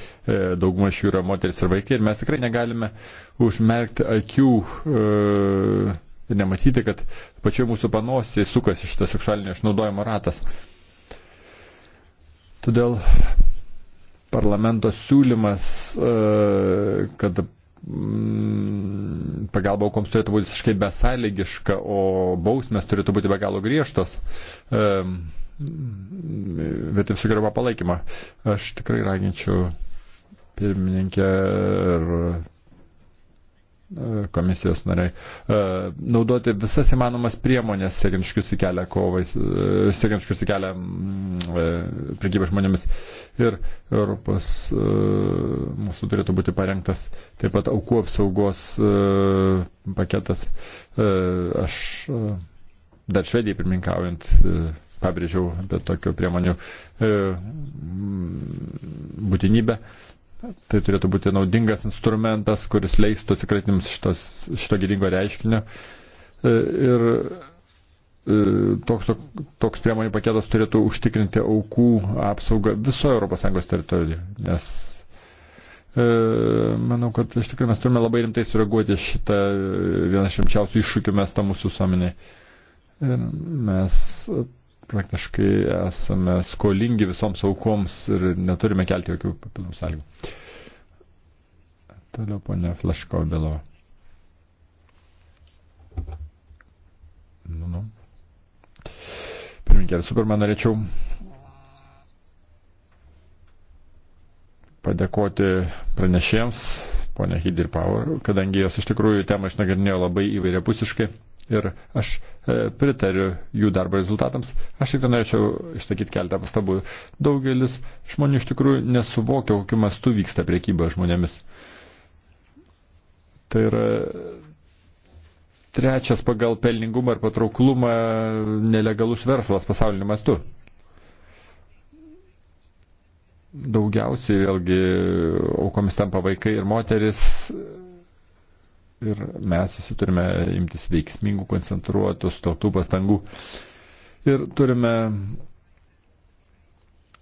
Dauguma iš jų yra moteris ir vaikai ir mes tikrai negalime užmerkti akių. E, ir nematyti, kad pačioje mūsų panosiai sukasi šitas seksualinio išnaudojimo ratas. Todėl parlamento siūlymas, e, kad mm, pagalba aukoms turėtų būti visiškai besąlygiška, o bausmės turėtų būti be galo griežtos, e, bet ir sugerba palaikymą. Aš tikrai raginčiau pirmininkę ir komisijos nariai, e, naudoti visas įmanomas priemonės siekiančius į kelią kovai, e, siekiančius į kelią mm, e, prekybę žmonėmis. Ir Europos mūsų turėtų būti parengtas taip pat aukų apsaugos paketas. Aš dar švediai pirmininkaujant pabrėžiau apie tokių priemonių būtinybę. Tai turėtų būti naudingas instrumentas, kuris leistų atsikratyti mums šitos, šito gėdingo reiškinio. E, ir e, toks, toks priemonių paketas turėtų užtikrinti aukų apsaugą visoje ES teritorijoje. Nes e, manau, kad iš tikrųjų mes turime labai rimtai sureaguoti šitą vieną šimčiausių iššūkių mes tą mūsų visuomenėje. Ir mes praktiškai esame skolingi visoms aukoms ir neturime kelti jokių papildomų sąlygų. Toliau ponia Flaško Belova. Nu, nu. Pirminkė, visų pirma, norėčiau padėkoti pranešėjams, ponia Hidir Power, kadangi jos iš tikrųjų temą išnagrinėjo labai įvairiapusiškai ir aš e, pritariu jų darbo rezultatams. Aš tik norėčiau išsakyti keletą pastabų. Daugelis žmonių iš tikrųjų nesuvokia, kokiu mastu vyksta priekyba žmonėmis. Tai yra trečias pagal pelningumą ir patrauklumą nelegalus verslas pasauliniu mastu. Daugiausiai vėlgi aukomis tampa vaikai ir moteris ir mes visi turime imtis veiksmingų, koncentruotų, sutelktų pastangų. Ir turime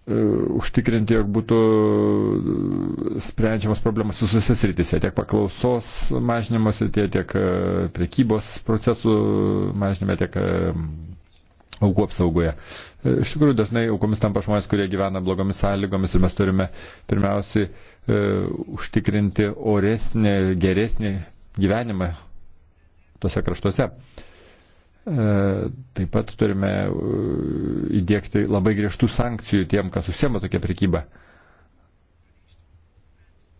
e, užtikrinti, jog būtų sprendžiamas problemas visose srityse, tiek paklausos mažinimo srityje, tiek e, prekybos procesų mažinime, tiek e, aukų apsaugoje. Iš tikrųjų, dažnai aukomis tampa žmonės, kurie gyvena blogomis sąlygomis ir mes turime pirmiausiai e, užtikrinti oresnį, geresnį gyvenimą tose kraštuose. E, taip pat turime e, įdėkti labai griežtų sankcijų tiem, kas užsiema tokia prekyba.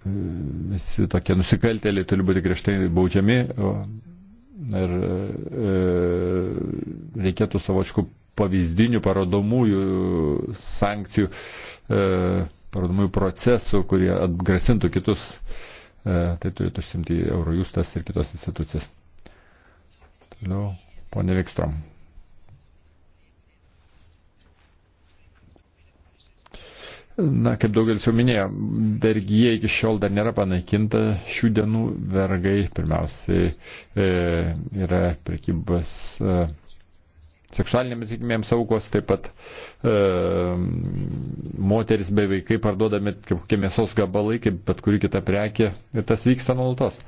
E, visi tokie nusikaltėliai turi būti griežtai baudžiami ir reikėtų savočkų pavyzdinių parodomųjų sankcijų, parodomųjų procesų, kurie atgrasintų kitus E, tai turėtų užsimti Eurojustas ir kitos institucijas. Toliau, ponė Vikstrom. Na, kaip daugelis jau minėjo, vergyje iki šiol dar nėra panaikinta. Šių dienų vergai pirmiausiai e, yra prekybos e, seksualinėms reikmėms aukos, taip pat e, moteris bei vaikai parduodami kaip kokie mėsos gabalai, kaip bet kuri kita prekė ir tas vyksta nuolatos.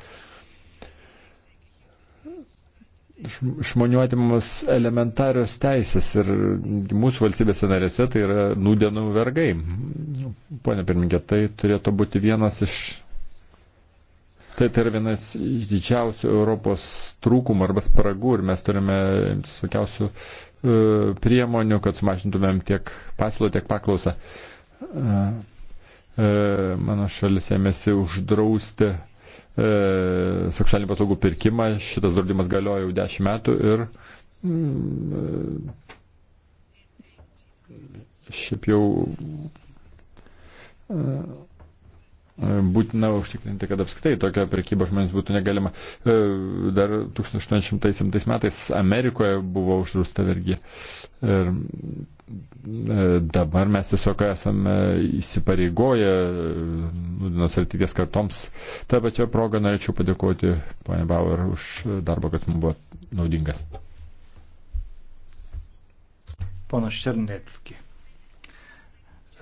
Žmonių atimamos elementarios teisės ir mūsų valstybėse narėse tai yra nudienų vergai. Pone pirmininkė, tai turėtų būti vienas iš Tai, tai yra vienas iš didžiausių Europos trūkumų arba spragų ir mes turime visokiausių e, priemonių, kad sumažintumėm tiek pasiūlą, tiek paklausą. E, e, mano šalis ėmėsi uždrausti seksualinių paslaugų pirkimą, šitas draudimas galioja jau dešimt metų ir mm, šiaip jau E, būtina užtikrinti, kad apskritai tokia prekyba žmonėms būtų negalima. E, dar 1807 metais Amerikoje buvo uždrausta vergija. Ir e, dabar mes tiesiog esame įsipareigoję nudinos ateities kartoms. Ta pačia proga norėčiau padėkoti ponė Bauer už darbą, kad mums buvo naudingas. Ponas Černetski.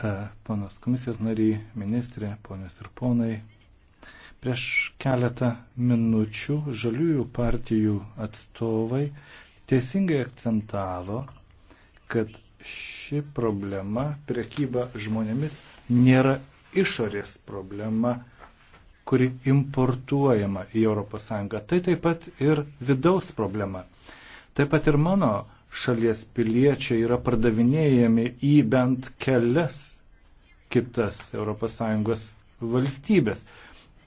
E, panas komisijos nariai, ministrė, ponios ir ponai. Prieš keletą minučių žaliųjų partijų atstovai teisingai akcentavo, kad ši problema, priekyba žmonėmis, nėra išorės problema, kuri importuojama į ES. Tai taip pat ir vidaus problema. Taip pat ir mano šalies piliečiai yra pardavinėjami į bent kelias kitas ES valstybės.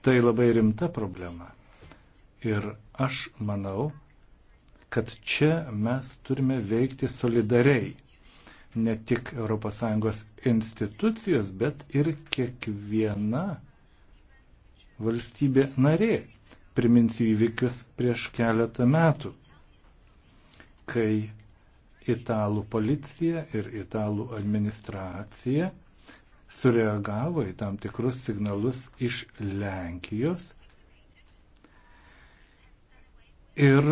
Tai labai rimta problema. Ir aš manau, kad čia mes turime veikti solidariai. Ne tik ES institucijos, bet ir kiekviena valstybė narė. Priminsiu įvykius prieš keletą metų, kai italų policija ir italų administracija sureagavo į tam tikrus signalus iš Lenkijos ir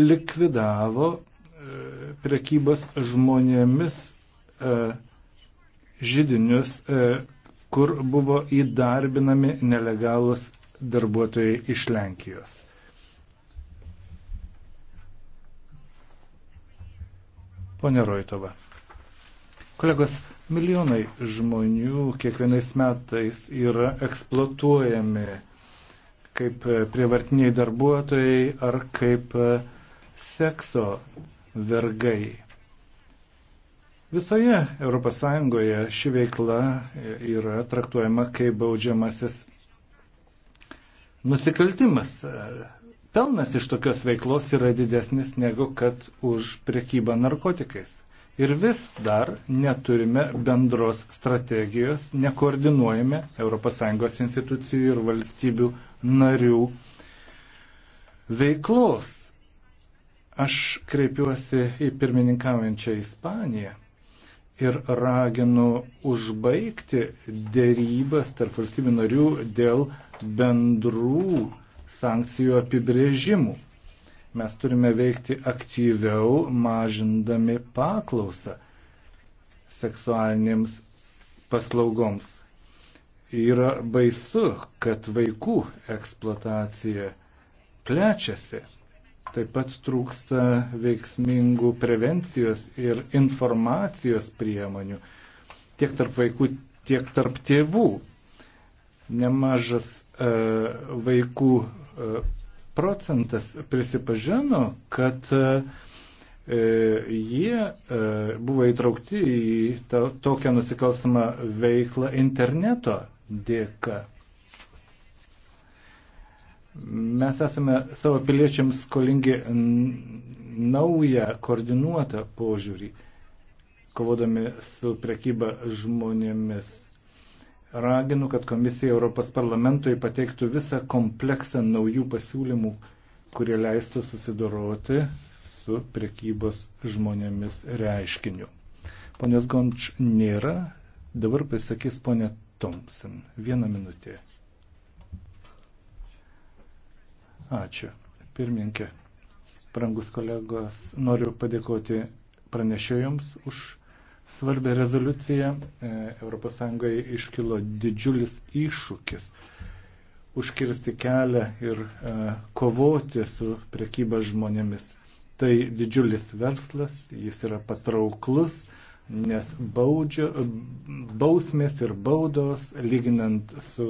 likvidavo e, prekybos žmonėmis e, žydinius, e, kur buvo įdarbinami nelegalus darbuotojai iš Lenkijos. Pone Roitova. Kolegos, milijonai žmonių kiekvienais metais yra eksploatuojami kaip prievartiniai darbuotojai ar kaip sekso vergai. Visoje ES ši veikla yra traktuojama kaip baudžiamasis nusikaltimas pelnas iš tokios veiklos yra didesnis negu kad už priekybą narkotikais. Ir vis dar neturime bendros strategijos, nekoordinuojame ES institucijų ir valstybių narių veiklos. Aš kreipiuosi į pirmininkaujančią Ispaniją ir raginu užbaigti dėrybas tarp valstybių narių dėl bendrų sankcijų apibrėžimų. Mes turime veikti aktyviau, mažindami paklausą seksualinėms paslaugoms. Yra baisu, kad vaikų eksploatacija plečiasi. Taip pat trūksta veiksmingų prevencijos ir informacijos priemonių tiek tarp vaikų, tiek tarp tėvų. Nemažas e, vaikų procentas prisipažino, kad e, jie e, buvo įtraukti į tokią nusikalstamą veiklą interneto dėka. Mes esame savo piliečiams skolingi naują koordinuotą požiūrį, kovodami su prekyba žmonėmis. Raginu, kad komisija Europos parlamentui pateiktų visą kompleksą naujų pasiūlymų, kurie leistų susidoroti su prekybos žmonėmis reiškiniu. Ponės Gonč nėra, dabar pasakys ponė Thompson. Vieną minutę. Ačiū. Pirmininkė, brangus kolegos, noriu padėkoti pranešėjams už svarbę rezoliuciją, ES iškilo didžiulis iššūkis užkirsti kelią ir e, kovoti su prekyba žmonėmis. Tai didžiulis verslas, jis yra patrauklus, nes baudžio, bausmės ir baudos, lyginant su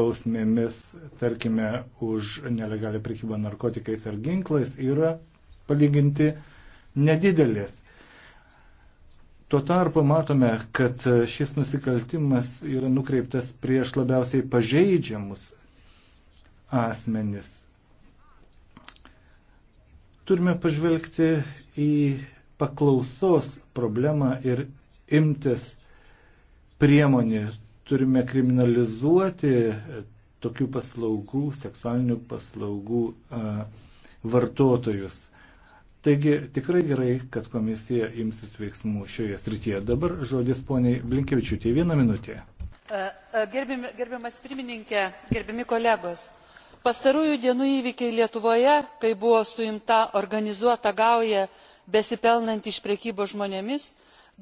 bausmėmis, tarkime, už nelegalią prekybą narkotikais ar ginklais, yra palyginti nedidelės. Tuo tarpu matome, kad šis nusikaltimas yra nukreiptas prieš labiausiai pažeidžiamus asmenis. Turime pažvelgti į paklausos problemą ir imtis priemonį. Turime kriminalizuoti tokių paslaugų, seksualinių paslaugų vartotojus. Taigi tikrai gerai, kad komisija imsis veiksmų šioje srityje. Dabar žodis poniai Blinkevičiūtė. Vieną minutę. E, e, Gerbim, gerbiamas pirmininkė, gerbimi kolegos. Pastarųjų dienų įvykiai Lietuvoje, kai buvo suimta organizuota gauja besipelnant iš prekybos žmonėmis,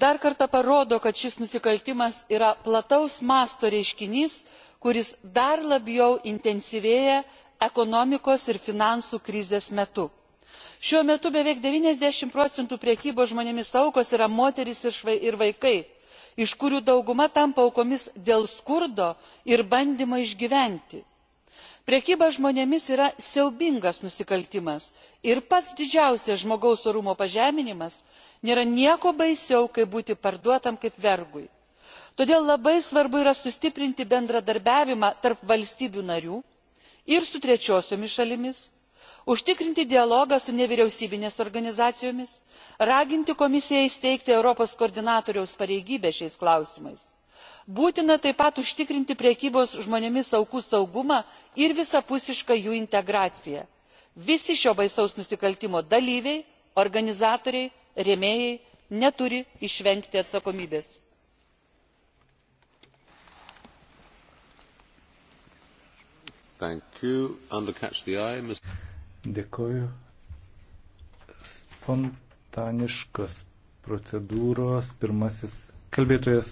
dar kartą parodo, kad šis nusikaltimas yra plataus masto reiškinys, kuris dar labiau intensyvėja ekonomikos ir finansų krizės metu šiuo metu beveik devyniasdešimt procentų prekybos žmonėmis aukos yra moterys ir vaikai iš kurių dauguma tampa aukomis dėl skurdo ir bandymo išgyventi. prekyba žmonėmis yra siaubingas nusikaltimas ir pats didžiausias žmogaus orumo pažeminimas nėra nieko baisiau kaip būti parduotam kaip vergui. todėl labai svarbu yra sustiprinti bendradarbiavimą tarp valstybių narių ir su trečiosiomis šalimis užtikrinti dialogą su nevyriausybinėmis organizacijomis raginti komisiją įsteigti europos koordinatoriaus pareigybę šiais klausimais. būtina taip pat užtikrinti prekybos žmonėmis aukų saugumą ir visapusišką jų integraciją. visi šio baisaus nusikaltimo dalyviai organizatoriai rėmėjai neturi išvengti atsakomybės. Dėkoju. Spontaniškos procedūros pirmasis kalbėtojas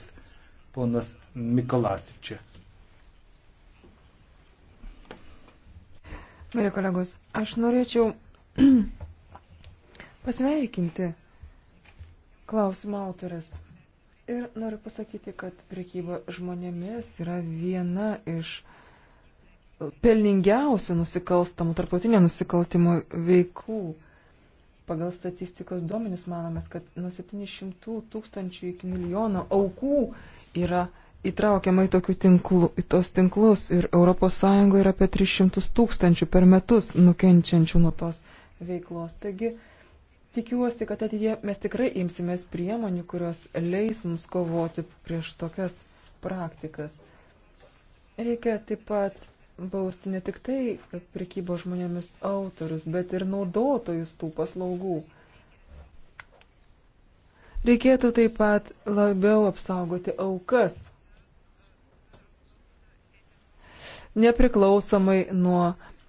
ponas Mikolasičias. Mėly kolegos, aš norėčiau pasveikinti klausimo autoras. Ir noriu pasakyti, kad priekyba žmonėmis yra viena iš pelningiausių nusikalstamų, tarptautinio nusikaltimo veikų. Pagal statistikos duomenys manomės, kad nuo 700 tūkstančių iki milijono aukų yra įtraukiama į, tinklų, į tos tinklus ir ES yra apie 300 tūkstančių per metus nukenčiančių nuo tos veiklos. Taigi tikiuosi, kad ateitie mes tikrai imsimės priemonių, kurios leis mums kovoti prieš tokias praktikas. Reikia taip pat bausti ne tik tai prekybo žmonėmis autorius, bet ir naudotojus tų paslaugų. Reikėtų taip pat labiau apsaugoti aukas, nepriklausomai nuo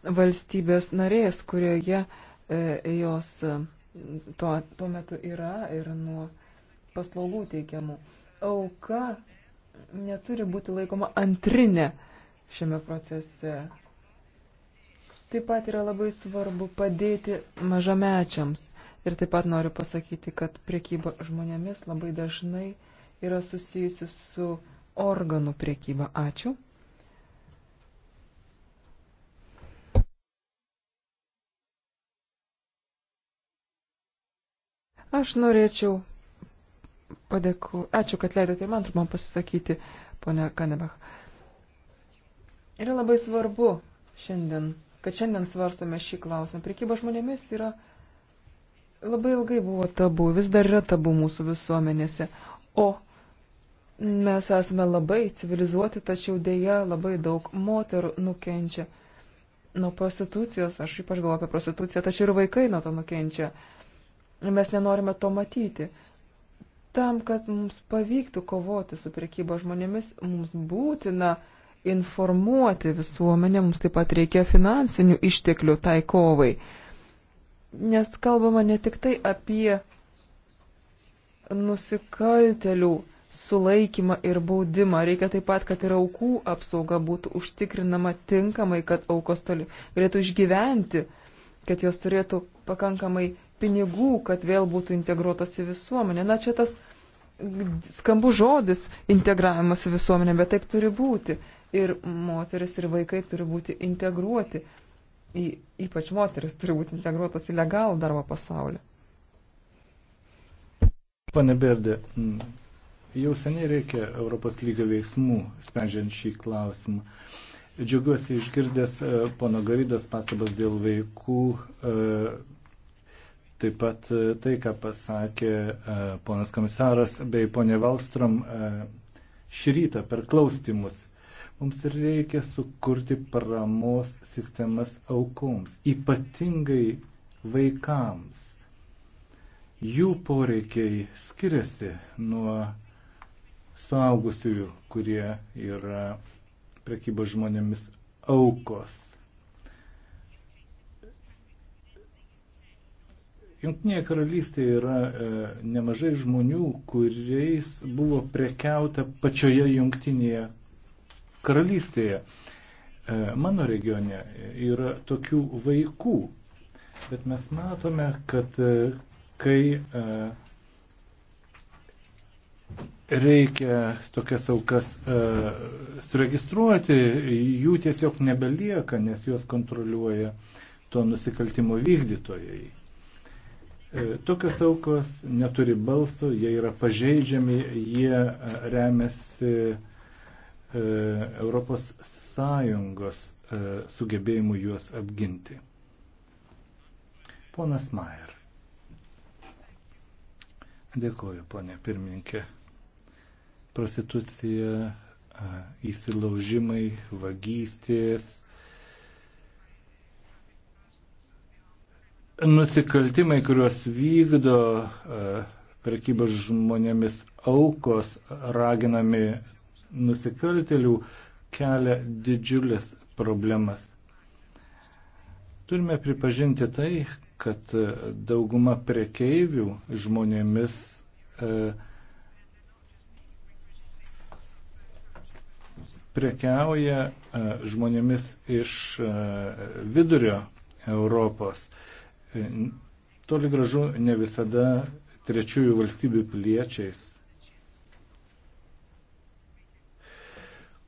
valstybės narės, kurioje e, jos e, tuo, tuo metu yra ir nuo paslaugų teikiamų. Auka neturi būti laikoma antrinė šiame procese. Taip pat yra labai svarbu padėti mažamečiams. Ir taip pat noriu pasakyti, kad priekyba žmonėmis labai dažnai yra susijusi su organų priekyba. Ačiū. Aš norėčiau padėkoti. Ačiū, kad leidote man trumpam pasisakyti, ponia Kanebach. Yra labai svarbu šiandien, kad šiandien svarstame šį klausimą. Prekyba žmonėmis yra labai ilgai buvo tabu, vis dar yra tabu mūsų visuomenėse. O mes esame labai civilizuoti, tačiau dėja labai daug moterų nukenčia nuo prostitucijos, aš ypač galvoju apie prostituciją, tačiau ir vaikai nuo to nukenčia. Mes nenorime to matyti. Tam, kad mums pavyktų kovoti su priekybo žmonėmis, mums būtina uh, informuoti visuomenę, mums taip pat reikia finansinių išteklių tai kovai. Nes kalbama ne tik tai apie nusikaltelių sulaikymą ir baudimą. Reikia taip pat, kad ir aukų apsauga būtų užtikrinama tinkamai, kad aukos toli galėtų išgyventi, kad jos turėtų pakankamai pinigų, kad vėl būtų integruotos į visuomenę. Na čia tas skambu žodis integravimas į visuomenę, bet taip turi būti ir moteris ir vaikai turi būti integruoti, į, ypač moteris turi būti integruotas į legalų darbo pasaulį. Pane Berdė, mm, jau seniai reikia Europos lygio veiksmų, sprendžiant šį klausimą. Džiaugiuosi išgirdęs e, pono Garydos pastabas dėl vaikų, e, taip pat e, tai, ką pasakė ponas komisaras bei ponė Valstrom šį rytą per klaustimus Mums reikia sukurti paramos sistemas aukoms, ypatingai vaikams. Jų poreikiai skiriasi nuo suaugusiųjų, kurie yra prekybos žmonėmis aukos. Junktinėje karalystėje yra e, nemažai žmonių, kuriais buvo prekiauta pačioje Junktinėje karalystėje. E, mano regione yra tokių vaikų, bet mes matome, kad e, kai e, reikia tokias aukas suregistruoti, jų tiesiog nebelieka, nes juos kontroliuoja to nusikaltimo vykdytojai. Tokios aukos neturi balso, jie yra pažeidžiami, jie remiasi ES e, sugebėjimu juos apginti. Ponas Maier. Dėkuoju, ponė pirmininkė. Prostitucija, e, įsilaužimai, vagystės, nusikaltimai, kuriuos vykdo e, prekybos žmonėmis aukos, raginami nusikaltelių kelia didžiulės problemas. Turime pripažinti tai, kad dauguma prekeivių žmonėmis e, prekiauja e, žmonėmis iš e, vidurio Europos. E, toli gražu ne visada trečiųjų valstybių piliečiais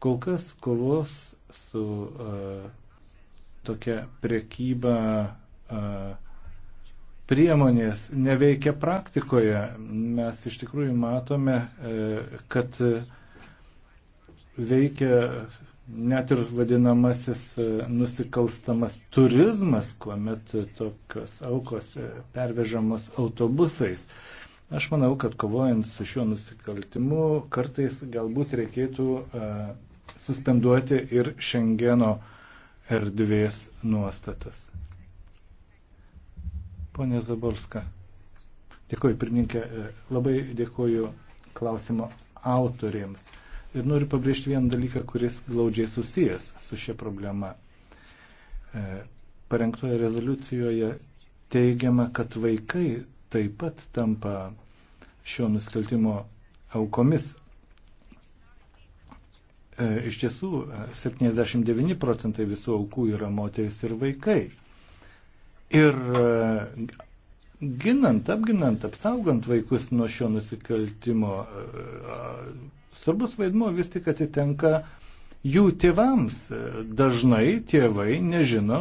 Kol kas kovos su uh, tokia prekyba uh, priemonės neveikia praktikoje. Mes iš tikrųjų matome, uh, kad veikia net ir vadinamasis nusikalstamas turizmas, kuomet tokios aukos pervežamos autobusais. Aš manau, kad kovojant su šiuo nusikaltimu kartais galbūt reikėtų suspenduoti ir Šengeno erdvės nuostatas. Pone Zaborska, dėkoju pirmininkė, e, labai dėkoju klausimo autoriems. Ir noriu pabrėžti vieną dalyką, kuris glaudžiai susijęs su šia problema. E, parengtoje rezoliucijoje teigiama, kad vaikai taip pat tampa šio nusikaltimo aukomis E, iš tiesų, 79 e, procentai visų aukų yra moteris ir vaikai. Ir e, ginant, apginant, apsaugant vaikus nuo šio nusikaltimo, svarbus vaidmuo vis tik atitenka jų tėvams. Dažnai tėvai nežino,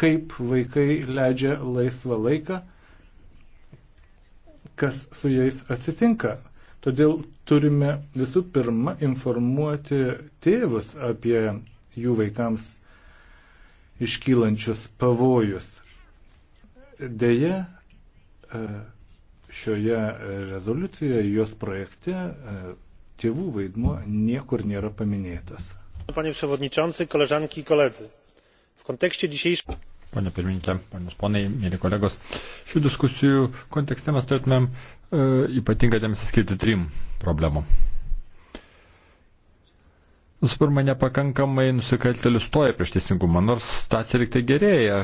kaip vaikai leidžia laisvą laiką, kas su jais atsitinka. Todėl turime visų pirma informuoti tėvus apie jų vaikams iškylančius pavojus. Deja, e, šioje rezoliucijoje, jos projekte, e, tėvų vaidmuo niekur nėra paminėtas. Panie Przewodniczący, koleżanki i koledzy, w kontekście dzisiejszego. Panie pirmininkė, ponios ponai, mėly kolegos, šių diskusijų kontekste mes turėtumėm uh, E, ypatingą dėmesį skirti trim problemom. Visų pirma, nepakankamai nusikaltėlius stoja prieš teisingumą, nors stacija liktai gerėja,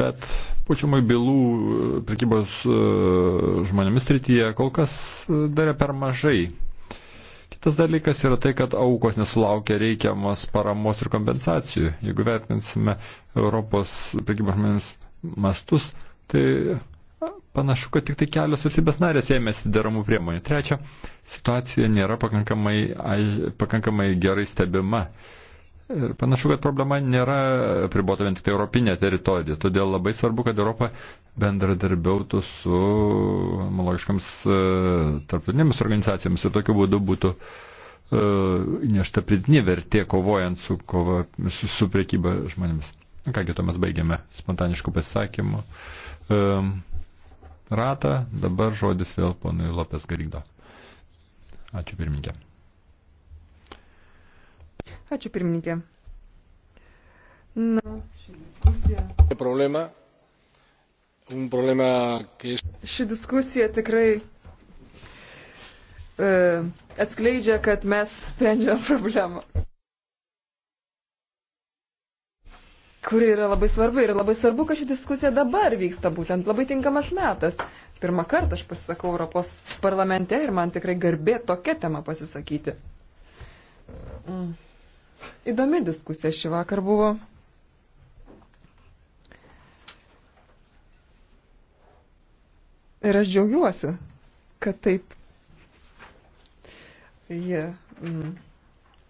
bet pučiamai bylų e, prekybos e, žmonėmis rytyje kol kas dar per mažai. Kitas dalykas yra tai, kad aukos nesulaukia reikiamos paramos ir kompensacijų. Jeigu vertinsime Europos prekybos žmonėmis mastus, tai panašu, kad tik tai kelios susibės narės ėmėsi deramų priemonių. Trečia, situacija nėra pakankamai, pakankamai gerai stebima. Ir panašu, kad problema nėra pribota vien tik tai europinė teritorija. Todėl labai svarbu, kad Europa bendradarbiautų su analogiškams e, tarptautinėmis organizacijomis ir tokiu būdu būtų e, nešta pridinė vertė kovojant su, kova, su, su priekyba žmonėmis. Kągi, to mes baigėme spontaniškų pasisakymų. Um, ratą. Dabar žodis vėl ponui Lopes Garygdo. Ačiū pirmininkė. Ačiū pirmininkė. Na, ši diskusija. Problema. Un problema, kai... Ši diskusija tikrai e, atskleidžia, kad mes sprendžiam problemą. kuri yra labai svarbi ir labai svarbu, kad ši diskusija dabar vyksta būtent labai tinkamas metas. Pirmą kartą aš pasisakau Europos parlamente ir man tikrai garbė tokia tema pasisakyti. Mm. Įdomi diskusija šį vakar buvo. Ir aš džiaugiuosi, kad taip jie yeah. mm,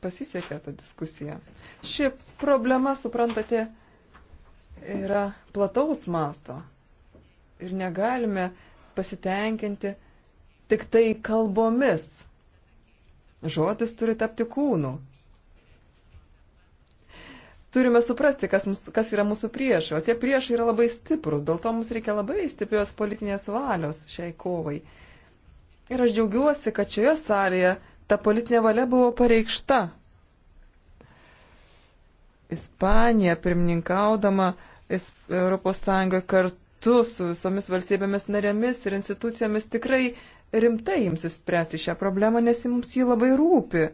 pasisekė ta diskusija. Ši problema, suprantate, yra plataus masto ir negalime pasitenkinti tik tai kalbomis. Žodis turi tapti kūnu. Turime suprasti, kas, mus, kas yra mūsų priešai, o tie priešai yra labai stiprus, dėl to mums reikia labai stiprios politinės valios šiai kovai. Ir aš džiaugiuosi, kad šioje salėje ta politinė valia buvo pareikšta Ispanija pirmininkaudama ES kartu su visomis valstybėmis narėmis ir institucijomis tikrai rimtai imsis spręsti šią problemą, nes mums jį labai rūpi.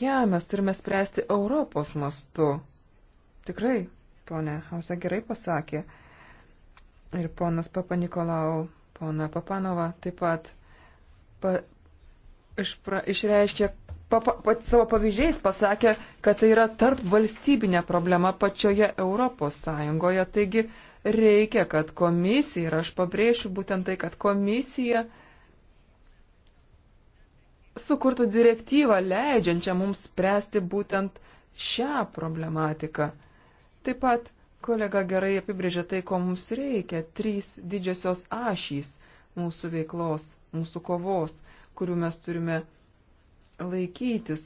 Ja, mes turime spręsti Europos mastu. Tikrai, ponė Hausa gerai pasakė. Ir ponas Papa Nikolau, pona Papanova taip pat pa, išpra, išreiškė pa, pa, savo pavyzdžiais pasakė, kad tai yra tarp valstybinė problema pačioje Europos Sąjungoje. Taigi reikia, kad komisija, ir aš pabrėšiu būtent tai, kad komisija sukurtų direktyvą leidžiančią mums spręsti būtent šią problematiką. Taip pat kolega gerai apibrėžė tai, ko mums reikia - trys didžiosios ašys mūsų veiklos, mūsų kovos, kurių mes turime laikytis.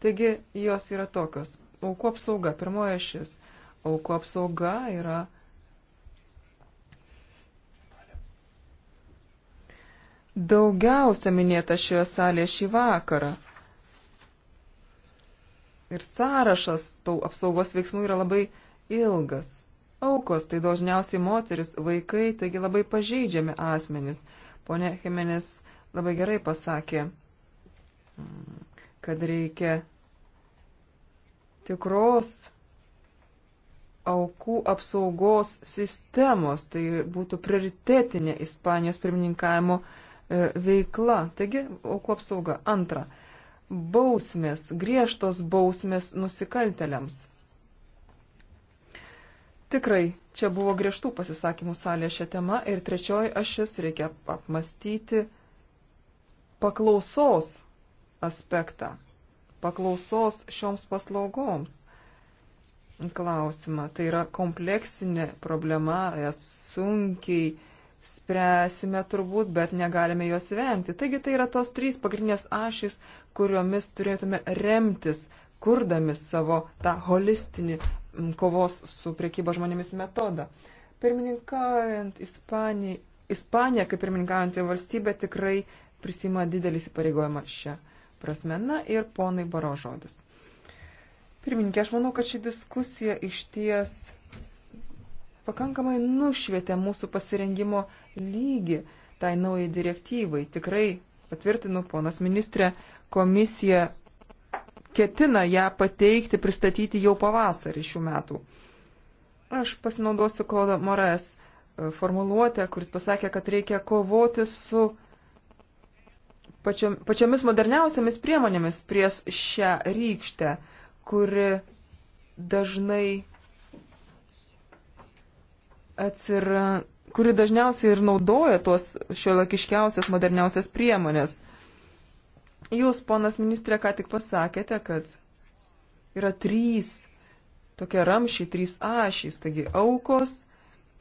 Taigi jos yra tokios. Aukų apsauga, pirmoji šis. Aukų apsauga yra. Daugiausia minėta šioje salėje šį vakarą. Ir sąrašas tų apsaugos veiksmų yra labai ilgas. Aukos tai dažniausiai moteris, vaikai, taigi labai pažeidžiami asmenys. Pone Jimenez labai gerai pasakė, kad reikia tikros aukų apsaugos sistemos, tai būtų prioritetinė Ispanijos pirmininkavimo e, veikla. Taigi, aukų apsauga. Antra, bausmės, griežtos bausmės nusikalteliams. Tikrai, čia buvo griežtų pasisakymų salė šią temą ir trečioji ašis reikia apmastyti paklausos aspektą, paklausos šioms paslaugoms klausimą. Tai yra kompleksinė problema, jas sunkiai spręsime turbūt, bet negalime jos vengti. Taigi tai yra tos trys pagrindinės ašys, kuriomis turėtume remtis, kurdami savo tą holistinį kovos su priekyba žmonėmis metodą. Pirmininkaujant Ispanijai, Ispanija kaip pirmininkaujantį valstybę tikrai prisima didelį įsipareigojimą šią prasme. Na ir ponai Baro žodis. Pirmininkė, aš manau, kad ši diskusija iš ties pakankamai nušvietė mūsų pasirengimo lygį tai naujai direktyvai. Tikrai patvirtinu, ponas ministrė, komisija ketina ją pateikti, pristatyti jau pavasarį šių metų. Aš pasinaudosiu Klodo Moraes e, formuluotę, kuris pasakė, kad reikia kovoti su pačiom, pačiomis moderniausiamis priemonėmis prieš šią rykštę, kuri dažnai atsira, kuri dažniausiai ir naudoja tuos šiuolakiškiausias, moderniausias priemonės. Jūs, ponas ministrė, ką tik pasakėte, kad yra trys tokie ramšiai, trys ašys, taigi aukos,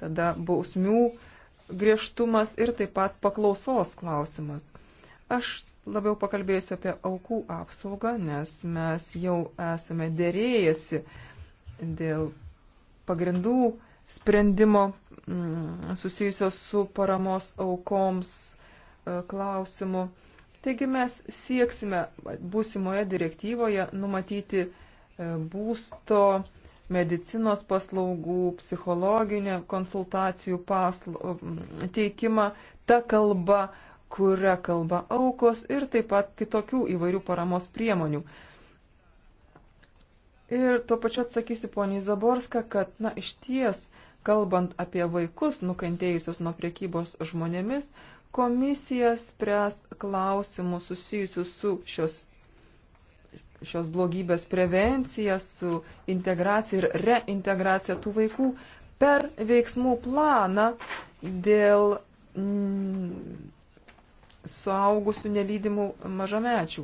tada bausmių griežtumas ir taip pat paklausos klausimas. Aš labiau pakalbėsiu apie aukų apsaugą, nes mes jau esame dėrėjęsi dėl pagrindų sprendimo mm, susijusios su paramos aukoms e, klausimu. Taigi mes sieksime būsimoje direktyvoje numatyti e, būsto, medicinos paslaugų, psichologinio konsultacijų pasla... teikimą ta kalba, kuria kalba aukos ir taip pat kitokių įvairių paramos priemonių. Ir tuo pačiu atsakysiu poniai Zaborska, kad, na, iš ties, kalbant apie vaikus nukentėjusius nuo priekybos žmonėmis, komisija spręs klausimus susijusius su šios, šios blogybės prevencija, su integracija ir reintegracija tų vaikų per veiksmų planą dėl suaugusių nelydimų mažamečių.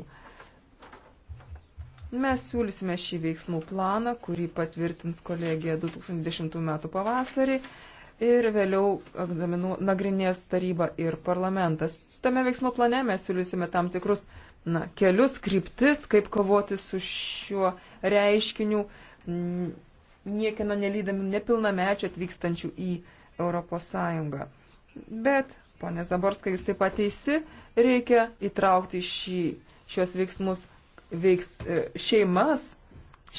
Mes siūlysime šį veiksmų planą, kurį patvirtins kolegija 2010 m. pavasarį ir vėliau egzaminų nagrinės taryba ir parlamentas. Tame veiksmų plane mes siūlysime tam tikrus na, kelius, kryptis, kaip kovoti su šiuo reiškiniu, niekino nelydami nepilnamečių atvykstančių į ES. Bet Pone Zaborska, jūs taip pat teisi, reikia įtraukti šį, šios veiksmus veiks, e, šeimas.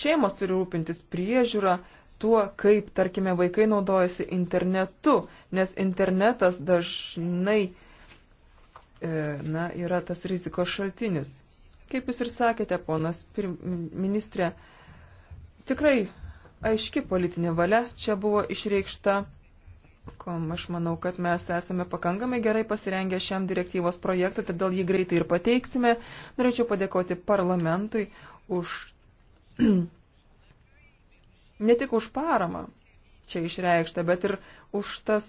Šeimos turi rūpintis priežiūrą tuo, kaip, tarkime, vaikai naudojasi internetu, nes internetas dažnai e, na, yra tas rizikos šaltinis. Kaip jūs ir sakėte, ponas ministrė, tikrai aiški politinė valia čia buvo išreikšta kom. Aš manau, kad mes esame pakankamai gerai pasirengę šiam direktyvos projektui, todėl jį greitai ir pateiksime. Norėčiau padėkoti parlamentui už ne tik už paramą čia išreikštą, bet ir už tas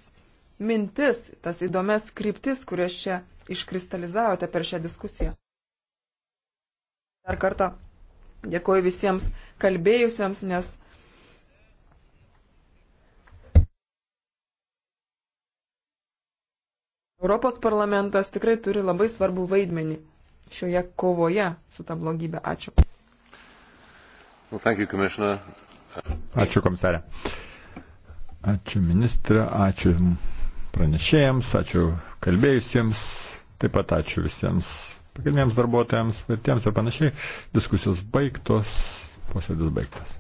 mintis, tas įdomias kryptis, kurias čia iškristalizavote per šią diskusiją. Dar kartą dėkoju visiems kalbėjusiems, nes Europos parlamentas tikrai turi labai svarbų vaidmenį šioje kovoje su tą blogybę. Ačiū. Well, thank you, Commissioner. Ačiū, komisarė. Ačiū, ministrė. Ačiū pranešėjams, ačiū kalbėjusiems, taip pat ačiū visiems pagrindiniams darbuotojams, vertiems ir panašiai. Diskusijos baigtos, posėdis baigtas.